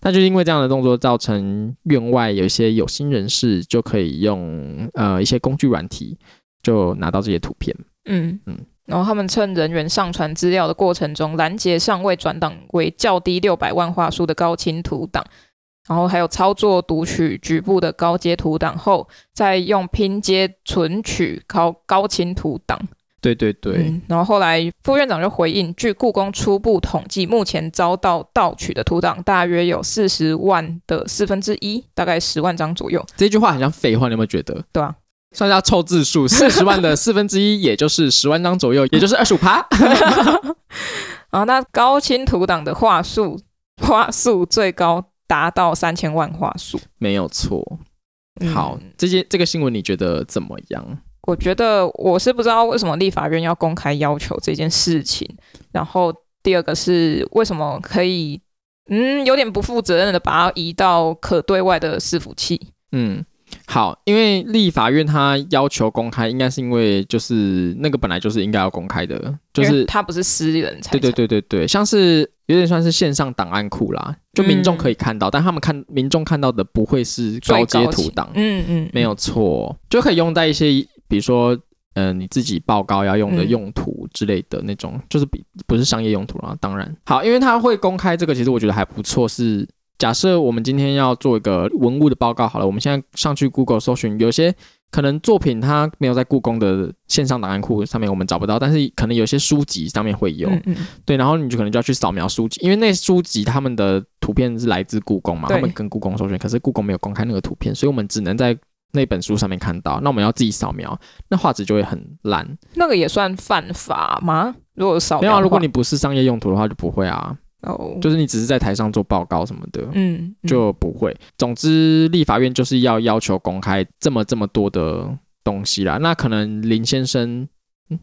那就因為這樣的動作，造成院外有一些有心人士就可以用呃一些工具軟體，就拿到這些圖片。嗯嗯。嗯然後他們趁人員上傳資料的過程中，攔截尚未轉檔為較低六百萬畫素的高清圖檔。然後還有操作讀取局部的高階圖檔後，再用拼接存取高高清圖檔。對對對、嗯。然後後來副院長就回應，據故宮初步統計，目前遭到盜取的圖檔大約有四十萬的四分之一，大概十萬張左右。這句話很像廢話，你有沒有覺得？對啊，算是要湊字數，四十萬的四分之一 (laughs) 也就是十萬張左右，也就是二十五趴。啊 (laughs) (laughs) 那高清圖檔的畫素畫素最高。達到三千萬畫素，沒有錯。好，嗯、這些這個新聞你覺得怎麼樣？我覺得我是不知道為什麼立法院要公開要求這件事情。然後第二個是為什麼可以，嗯，有點不負責任的把它移到可對外的伺服器。嗯，好，因為立法院他要求公開，應該是因為就是那個本來就是應該要公開的，就是它不是私人財。對,對對對對對，像是。有點算是線上檔案庫啦，就民眾可以看到，嗯、但他們看民眾看到的不會是高階圖檔，嗯嗯，沒有錯，就可以用在一些，比如說，嗯、呃，你自己報告要用的用途之類的那種，嗯、就是比不是商業用途啦。當然，好，因為它會公開這個，其實我覺得還不錯。是假設我們今天要做一個文物的報告，好了，我們現在上去 Google 搜尋有些。可能作品它沒有在故宮的線上檔案庫上面，我們找不到。但是可能有些書籍上面會有，嗯嗯對。然後你就可能就要去掃描書籍，因為那書籍他們的圖片是來自故宮嘛，對他們跟故宮授權，可是故宮沒有公開那個圖片，所以我們只能在那本書上面看到。那我們要自己掃描，那畫質就會很爛。那個也算犯法嗎？如果掃描的話。沒有啊，如果你不是商業用途的話，就不會啊。哦，就是你只是在台上做報告什麼的，嗯，嗯就不會。總之，立法院就是要要求公開這麼這麼多的東西啦。那可能林先生，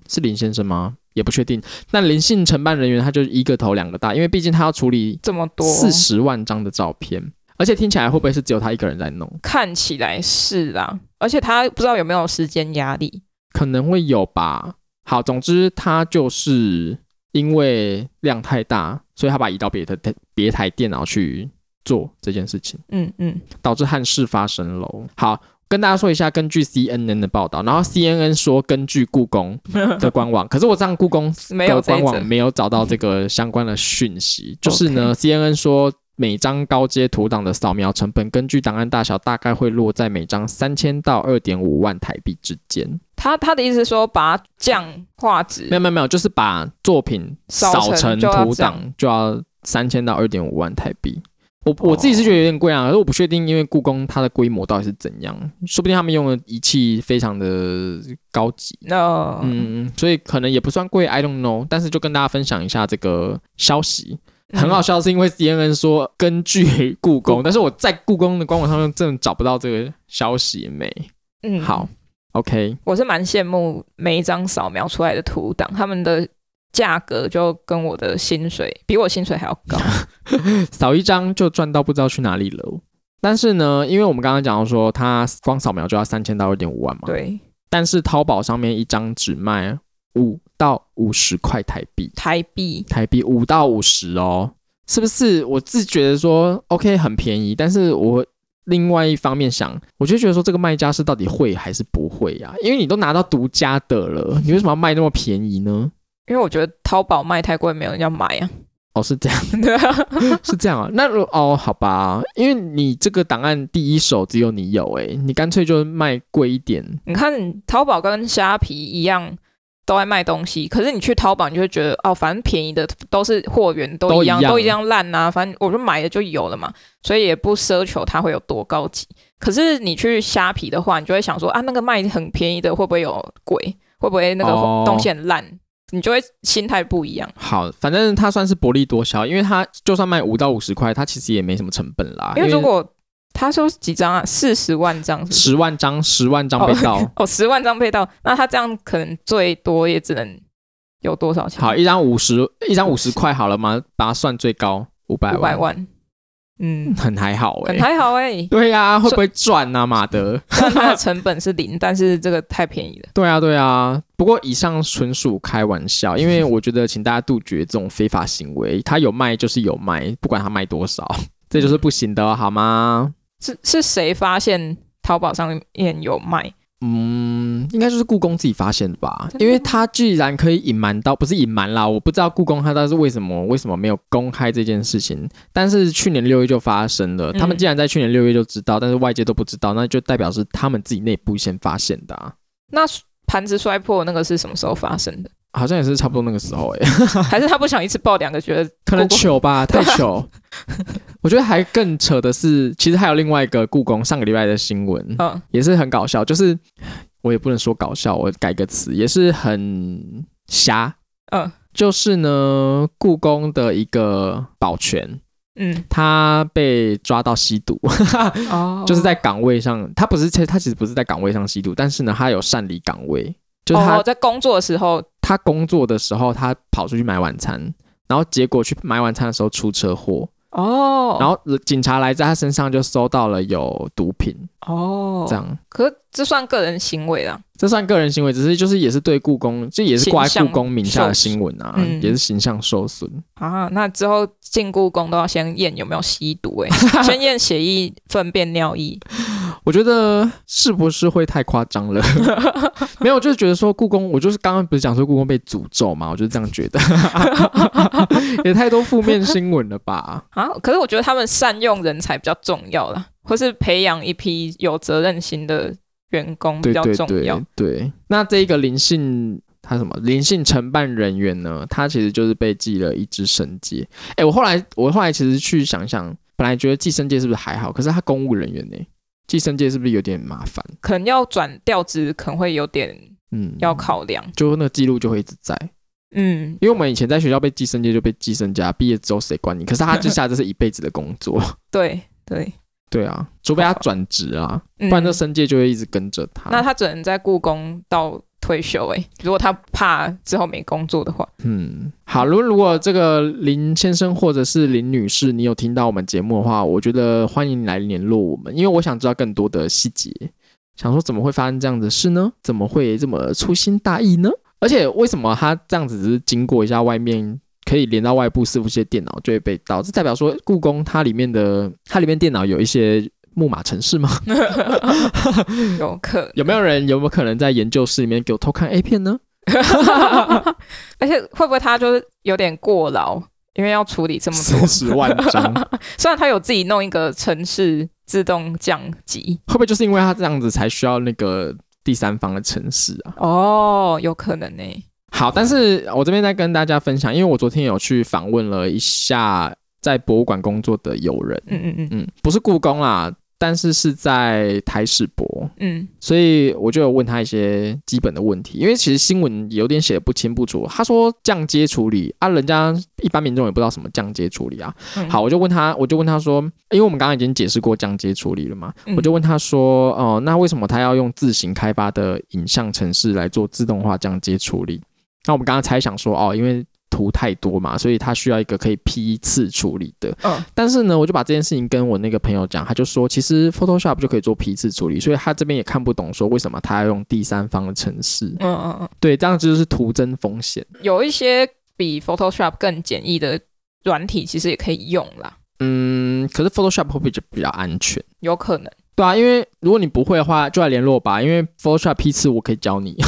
是林先生嗎？也不確定。那林姓承辦人員，他就一個頭兩個大，因為畢竟他要處理這麼多四十萬張的照片，而且聽起來會不會是只有他一個人在弄？看起來是啊，而且他不知道有沒有時間壓力，可能會有吧。好，總之他就是。因為量太大，所以他把他移到別的別台電腦去做這件事情。嗯嗯，嗯導致憾事發生嘍。好，跟大家說一下，根據 CNN 的報道然後 CNN 說根據故宮的官網， (laughs) 可是我上故宮的官網沒有找到這個相關的訊息。就是呢 Okay，CNN 說每張高階圖檔的掃描成本，根據檔案大小，大概會落在每張三千到二點五萬台幣之間。他他的意思是說，把它降畫質？沒有沒有沒有，就是把作品掃成圖檔，就要三千到二點五萬台幣。我我自己是覺得有點貴啊，哦、可是我不確定，因為故宮它的規模到底是怎樣，說不定他們用的儀器非常的高級。那、哦、嗯，所以可能也不算貴，I don't know。但是就跟大家分享一下這個消息，嗯、很好笑，是因為 CNN 說根據故宮，故故但是我在故宮的官網上面真的找不到這個消息沒。嗯，好。OK，我是蠻羨慕每一張掃描出來的圖檔，他們的價格就跟我的薪水，比我薪水還要高，掃 (laughs) 一張就賺到不知道去哪裡了。但是呢，因為我們剛剛講到說，它光掃描就要三千到二點五萬嘛，對。但是淘寶上面一張只賣五到五十塊台幣，台幣幣台幣五到五十哦，是不是？我自覺得說 OK 很便宜，但是我。另外一方面想，我就覺得說這個賣家是到底會還是不會呀、啊？因為你都拿到獨家的了，你為什麼要賣那麼便宜呢？因為我覺得淘寶賣太貴，沒有人要買啊。哦，是這樣的， (laughs) 是這樣啊。那哦，好吧，因為你這個檔案第一手只有你有、欸，哎，你乾脆就賣貴一點。你看淘寶跟蝦皮一樣。都在賣東西，可是你去淘寶，你就會覺得哦，反正便宜的都是貨源都一樣，都一樣爛啊。反正我就買了就有了嘛，所以也不奢求它會有多高級。可是你去蝦皮的話，你就會想說啊，那個賣很便宜的會不會有鬼？會不會那個東西很爛？哦，你就會心態不一樣。好，反正它算是薄利多銷，因為它就算賣五到五十塊，它其實也沒什麼成本啦。因為如果他說幾張啊？四十萬張是不是？十萬張？十萬張被盜哦？哦，十萬張被盜。那他這樣可能最多也只能有多少錢？好，一張五十，一張五十塊，好了嗎？把它算最高，五百萬。五百萬，嗯，很還好哎、欸，很還好哎、欸。對呀、啊，會不會賺啊？說馬德，他的成本是零， (laughs) 但是這個太便宜了。對啊，對啊。不過以上純屬開玩笑，因為我覺得請大家杜絕這種非法行為。 (laughs) 他有賣就是有賣，不管他賣多少，這就是不行的，好嗎？是是誰發現淘寶上面有賣？嗯，應該就是故宮自己發現的吧，的因為他既然可以隱瞞到，不是隱瞞啦，我不知道故宮他當時為什麼為什麼沒有公開這件事情。但是去年六月就發生了，嗯、他們既然在去年六月就知道，但是外界都不知道，那就代表是他們自己內部先發現的啊。那盤子摔破那個是什麼時候發生的？嗯好像也是差不多那個時候哎、欸， (laughs) 還是他不想一次報兩個，覺得可能糗吧，太糗。 (laughs) (laughs) 我覺得還更扯的是，其實還有另外一個故宮上個禮拜的新聞，嗯，也是很搞笑，就是我也不能說搞笑，我改個詞，也是很瞎，嗯，就是呢，故宮的一個保全，嗯，他被抓到吸毒， (laughs) 就是在崗位上，哦、他不是他其實不是在崗位上吸毒，但是呢，他有擅離崗位，就是他、哦、在工作的時候。他工作的時候，他跑出去買晚餐，然後結果去買晚餐的時候出車禍哦，然後警察來在他身上就搜到了有毒品哦，這樣，可是這算個人行為啦？這算個人行為，只是就是也是對故宮，這也是掛在故宮名下的新聞啊，嗯、也是形象受損啊。那之後進故宮都要先驗有沒有吸毒哎、欸， (laughs) 先驗血液、糞便、尿液。我覺得是不是會太誇張了？ (laughs) 沒有，我就是覺得說故宮，我就是剛剛不是講說故宮被詛咒嘛，我就是這樣覺得， (laughs) 也太多負面新聞了吧？啊，可是我覺得他們善用人才比較重要啦，或是培養一批有責任心的員工比較重要。對，對，對，對，對，那這一個林姓他什麼林姓承辦人員呢？他其實就是被記了一支申誡。哎、欸，我後來我後來其實去想想，本來覺得記申誡是不是還好？可是他公務人員呢、欸？記申誡是不是有點麻煩？可能要轉調職，可能會有點嗯，要考量。嗯、就那個記錄就會一直在，嗯，因為我們以前在學校被記申誡就被記申誡，畢、嗯、業之後誰管你？可是他之下這是一輩子的工作， (laughs) 對對對啊，除非他轉職啊，好好嗯、不然這申誡就會一直跟着他。那他只能在故宮到退休哎、欸，如果他怕之後沒工作的話，嗯，好，如果如果這個林先生或者是林女士，你有聽到我們節目的話，我覺得歡迎來聯絡我們，因為我想知道更多的細節，想說怎麼會發生這樣的事呢？怎麼會這麼粗心大意呢？而且為什麼他這樣子只是經過一下外面，可以連到外部伺服器的電腦就會被盜？這代表說故宮它裡面的它裡面電腦有一些。木馬程式嗎？ (laughs) 有可有沒有人有沒有可能在研究室裡面給我偷看 A 片呢？ (laughs) (laughs) 而且會不會他就是有點過勞，因為要處理這麼多，十萬張， (laughs) 雖然他有自己弄一個程式自動降級，會不會就是因為他這樣子才需要那個第三方的程式啊？哦，有可能呢、欸。好，但是我這邊再跟大家分享，因為我昨天有去訪問了一下在博物館工作的友人，嗯嗯嗯嗯，不是故宮啦。但是是在台視博，嗯，所以我就有問他一些基本的問題，因為其實新聞也有點寫的不清不楚。他說降階處理啊，人家一般民眾也不知道什麼降階處理啊。嗯、好，我就問他，我就問他說，因為我們剛剛已經解釋過降階處理了嘛，嗯、我就問他說，哦、呃，那為什麼他要用自行開發的影像程式來做自動化降階處理？那我們剛剛猜想說，哦，因為。圖太多嘛，所以他需要一個可以批次處理的。嗯，但是呢，我就把這件事情跟我那個朋友講，他就說其實 Photoshop 就可以做批次處理，所以他這邊也看不懂說為什麼他要用第三方的程式。嗯嗯嗯，對，這樣就是徒增風險，嗯。有一些比 Photoshop 更簡易的軟體，其實也可以用啦。嗯，可是 Photoshop 會不會就比較安全？有可能。對，因為如果你不會的話，就來聯絡吧。因為 Photoshop 批次我可以教你。 (laughs)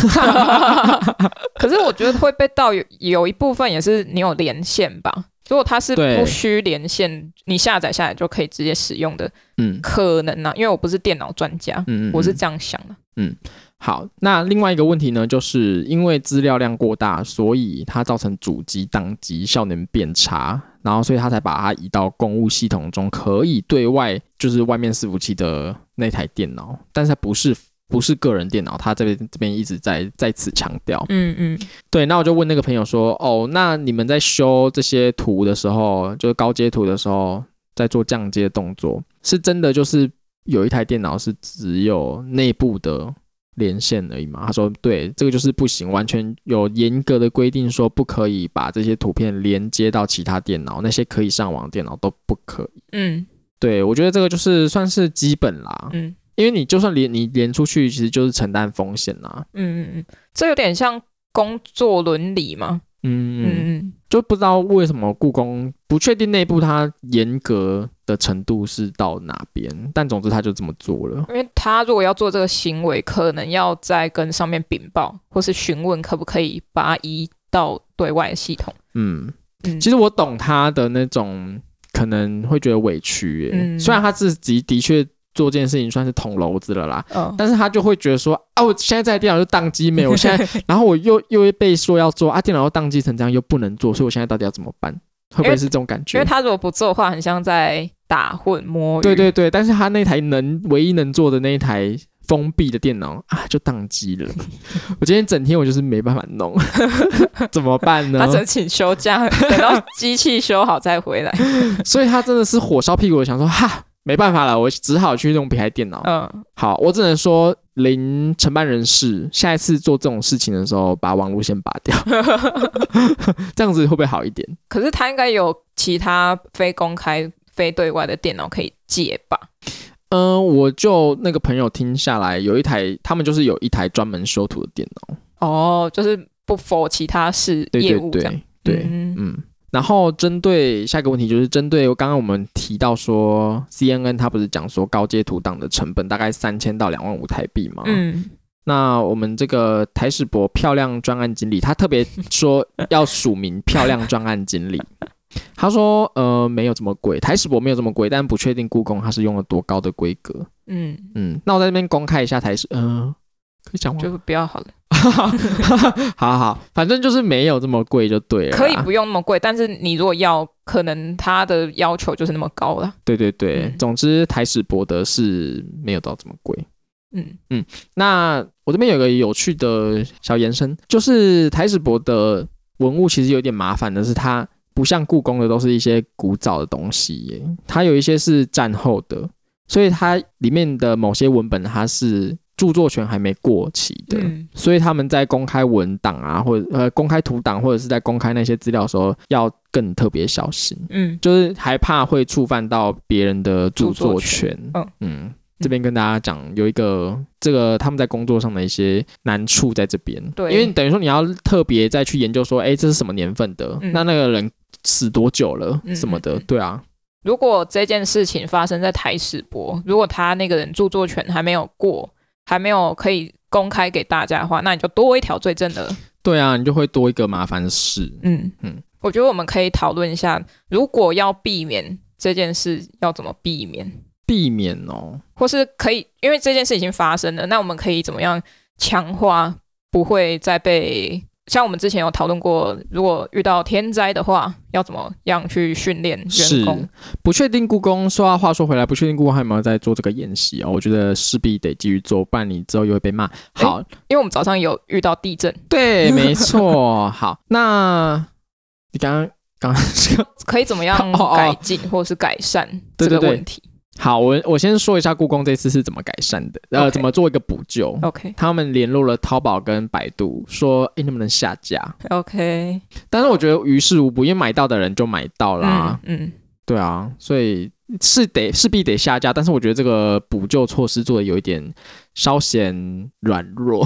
(laughs) 可是我覺得會被盜有有一部分也是你有連線吧？如果它是不需連線，對你下載下來就可以直接使用的，嗯，可能啊，因為我不是電腦專家，嗯嗯嗯，我是這樣想的，嗯。好，那另外一個問題呢，就是因為資料量過大，所以它造成主機宕機，效能變差，然後所以它才把它移到公務系統中，可以對外，就是外面伺服器的那台電腦，但是它不是，不是個人電腦，它這邊這邊一直在，在此強調。嗯，嗯嗯，對，那我就問那個朋友說，哦，那你們在修這些圖的時候，就是高階圖的時候，在做降階動作，是真的就是有一台電腦是只有內部的。連線而已嘛，他說對，這個就是不行，完全有嚴格的規定，說不可以把這些圖片連接到其他電腦，那些可以上網的電腦都不可以。嗯，對，我覺得這個就是算是基本啦。嗯，因為你就算連你連出去，其實就是承擔風險啦。嗯嗯嗯，這有點像工作倫理嘛。嗯嗯嗯，就不知道為什麼故宮不確定內部它嚴格的程度是到哪邊？但總之他就這麼做了，因為他如果要做這個行為，可能要再跟上面稟報，或是詢問可不可以把它移到對外系統。嗯，其實我懂他的那種、嗯、可能會覺得委屈、欸，嗯、雖然他自己的確做這件事情算是捅婁子了啦，哦、但是他就會覺得說哦，啊、我現在這台電腦就宕機沒有？我現在， (laughs) 然後我又又會被說要做啊，電腦宕機成這樣又不能做，嗯、所以我現在到底要怎麼辦？會不會是這種感覺？因、因為他如果不做的話，很像在打混摸魚。對對對，但是他那台能唯一能做的那一台封閉的電腦啊，就宕機了。 (laughs) 我今天整天我就是沒辦法弄， (laughs) 怎麼辦呢？他只能請休假，等到機器修好再回來。 (laughs) 所以他真的是火燒屁股，我想說哈。沒辦法了，我只好去用別台電腦。嗯，好，我只能說，零承辦人士下一次做這種事情的時候，把網路先拔掉， (laughs) (laughs) 這樣子會不會好一點？可是他應該有其他非公開、非對外的電腦可以借吧？嗯，我就那個朋友聽下來，有一台，他們就是有一台專門修圖的電腦。哦，就是不否其他事對對對對業務這樣。對，對嗯。嗯然後針對下一個問題，就是針對剛剛我們提到說，CNN 他不是講說高階圖檔的成本大概三千到兩萬五台幣嗎？嗯，那我們這個台史博漂亮專案經理，他特別說要署名漂亮專案經理， (laughs) 他說呃沒有這麼貴，台史博沒有這麼貴，但不確定故宮它是用了多高的規格。嗯嗯，那我在這邊公開一下台史，嗯、呃，可以講話就不要好了。哈哈， (laughs) (laughs) 好好，反正就是沒有這麼貴就對了。可以不用那麼貴，但是你如果要，可能他的要求就是那麼高了。對對對，嗯、總之台史博德的是沒有到這麼貴。嗯嗯，那我這邊有個有趣的小延伸，就是台史博德的文物其實有點麻煩的是，它不像故宮的都是一些古早的東西耶，它有一些是戰後的，所以它裡面的某些文本它是。著作權還沒過期的，嗯、所以他們在公開文檔啊，或者呃公開圖檔，或者是在公開那些資料的時候，要更特別小心，嗯，就是害怕會觸犯到別人的著作權，嗯嗯，嗯這邊跟大家講有一個、嗯、這個他們在工作上的一些難處在這邊，對、嗯，因為等於說你要特別再去研究說，哎、欸，這是什麼年份的，嗯、那那個人死多久了、嗯、什麼的，對啊，如果這件事情發生在台史博，如果他那個人著作權還沒有過。還沒有可以公開給大家的話，那你就多一條罪證了。對啊，你就會多一個麻煩事。嗯嗯，嗯，我覺得我們可以討論一下，如果要避免這件事，要怎麼避免？避免哦，或是可以，因為這件事已經發生了，那我們可以怎麼樣強化，不會再被？像我們之前有討論過，如果遇到天災的話，要怎麼樣去訓練員工？是不確定故宮說話，話說回來，不確定故宮還有沒有在做這個演習啊？Oh, 我覺得勢必得繼續做，不然你之後又會被罵。好，欸，因為我們早上有遇到地震。 (laughs) 對，沒錯。好，那你剛剛剛說可以怎麼樣改進哦，哦，或是改善這個問題？對對對好，我我先說一下故宮這次是怎麼改善的，Okay. 呃，怎麼做一個補救？OK，他們聯絡了淘寶跟百度，說，哎、欸，能不能下架？OK，但是我覺得於事無補，嗯、因為買到的人就買到啦。嗯，嗯對啊，所以是得勢必得下架，但是我覺得這個補救措施做得有一點稍顯軟弱。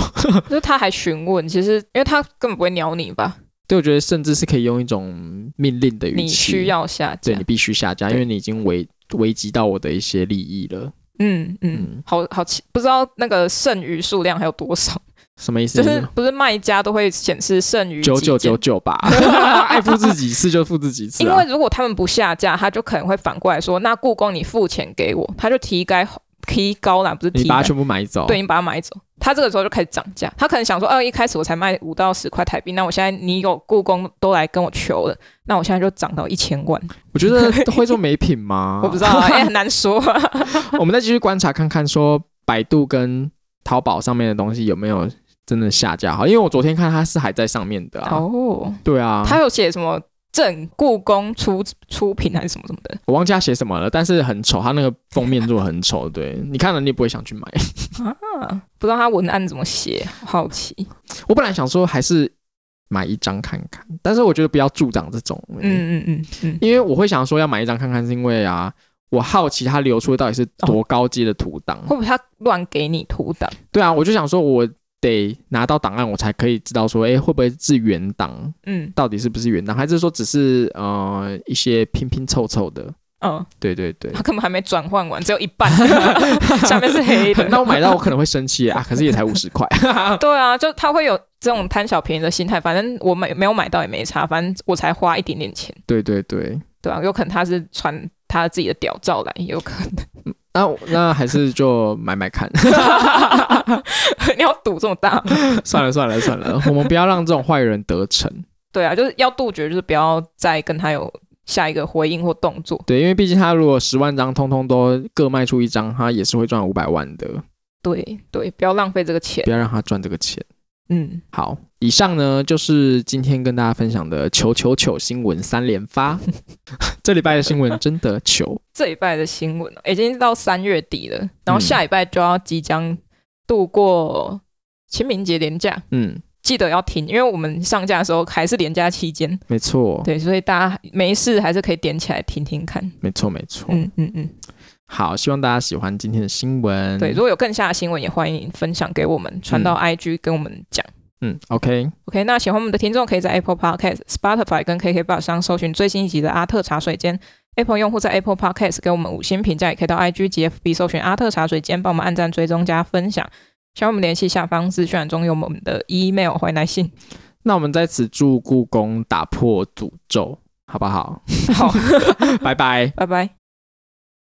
就 (laughs) 是他還詢問，其實因為他根本不會鳥你吧？對，我覺得甚至是可以用一種命令的語氣，你需要下架，對，你必須下架，對因為你已經違。危及到我的一些利益了，嗯嗯，嗯嗯好好奇，不知道那個剩餘數量還有多少？什麼意思？就是不是賣家都會顯示剩餘九九九九吧？ (laughs) (laughs) 愛付自己幾次就付自己幾次，啊，因為如果他們不下架，他就可能會反過來說，那故宮你付錢給我，他就提該。提高啦，不是？你把它全部買走，對，你把它買走，他這個時候就開始漲價。他可能想說，哦、呃，一開始我才賣五到十塊台幣，那我現在你有故宮都來跟我求了，那我現在就漲到一千萬。我覺得都會做沒品嗎？ (laughs) 我不知道、啊，也、欸、很難說、啊。 (laughs) (laughs) 我們再繼續觀察看看，說百度跟淘寶上面的東西有沒有真的下架？哈，因為我昨天看它是還在上面的哦、啊。Oh, 對啊，它有寫什麼？正故宮出出品還是什麼什麼的，我忘記他寫什麼了，但是很醜，他那個封面做的很醜， (laughs) 對，你看了你也不會想去買 (laughs) 啊，不知道他文案怎麼寫，好奇。我本來想說還是買一張看看，但是我覺得不要助長這種，嗯嗯嗯嗯，因為我會想說要買一張看看，是因為啊，我好奇他流出的到底是多高階的圖檔，會、哦、不會他亂給你圖檔？對啊，我就想說我。得拿到檔案，我才可以知道說，哎，會不會是原檔？嗯，到底是不是原檔，還是說只是呃一些拼拼湊湊的？嗯、哦，對對對，他根本還沒轉換完，只有一半， (laughs) 下面是黑的。 (laughs) 那我買到我可能會生氣啊， (laughs) 啊可是也才五十塊。 (laughs) 對啊，就他會有這種貪小便宜的心態，反正我買沒有買到也沒差，反正我才花一點點錢。對對對，對啊，有可能他是傳他自己的屌照來，有可能。那、啊、那還是就買買看， (laughs) (laughs) 你要賭這麼大？ (laughs) (laughs) 算了算了算了，我們不要讓這種壞人得逞。 (laughs) 對啊，就是要杜絕，就是不要再跟他有下一個回應或動作。對，因為畢竟他如果十萬張通通都各賣出一張，他也是會賺五百萬的。對對，不要浪費這個錢，不要讓他賺這個錢。嗯，好，以上呢就是今天跟大家分享的“糗糗糗”新聞三連發。 (laughs) (laughs) 這禮拜的新聞真的糗， (laughs) 這禮拜的新聞已經到三月底了，然後下禮拜就要即將度過清明節連假。嗯，記得要聽，因為我們上架的時候還是連假期間。沒錯，對，所以大家沒事還是可以點起來聽聽看。沒錯，沒錯、嗯。嗯嗯嗯。好，希望大家喜歡今天的新聞。對，如果有更下的新聞，也歡迎分享給我們，傳到 IG 跟我們講。嗯，OK，OK。嗯 okay、okay, 那喜歡我們的聽眾，可以在 Apple Podcast、Spotify 跟 KKBOX 上搜尋最新一集的阿特茶水間。Apple 用戶在 Apple Podcast 給我們五星評價，也可以到 IG、GFB 搜尋阿特茶水間，幫我們按讚、追蹤、加分享。希望我們聯繫下方資訊欄中，有我們的 email 歡迎來信。那我們在此祝故宮打破詛咒，好不好？好，拜拜，拜拜。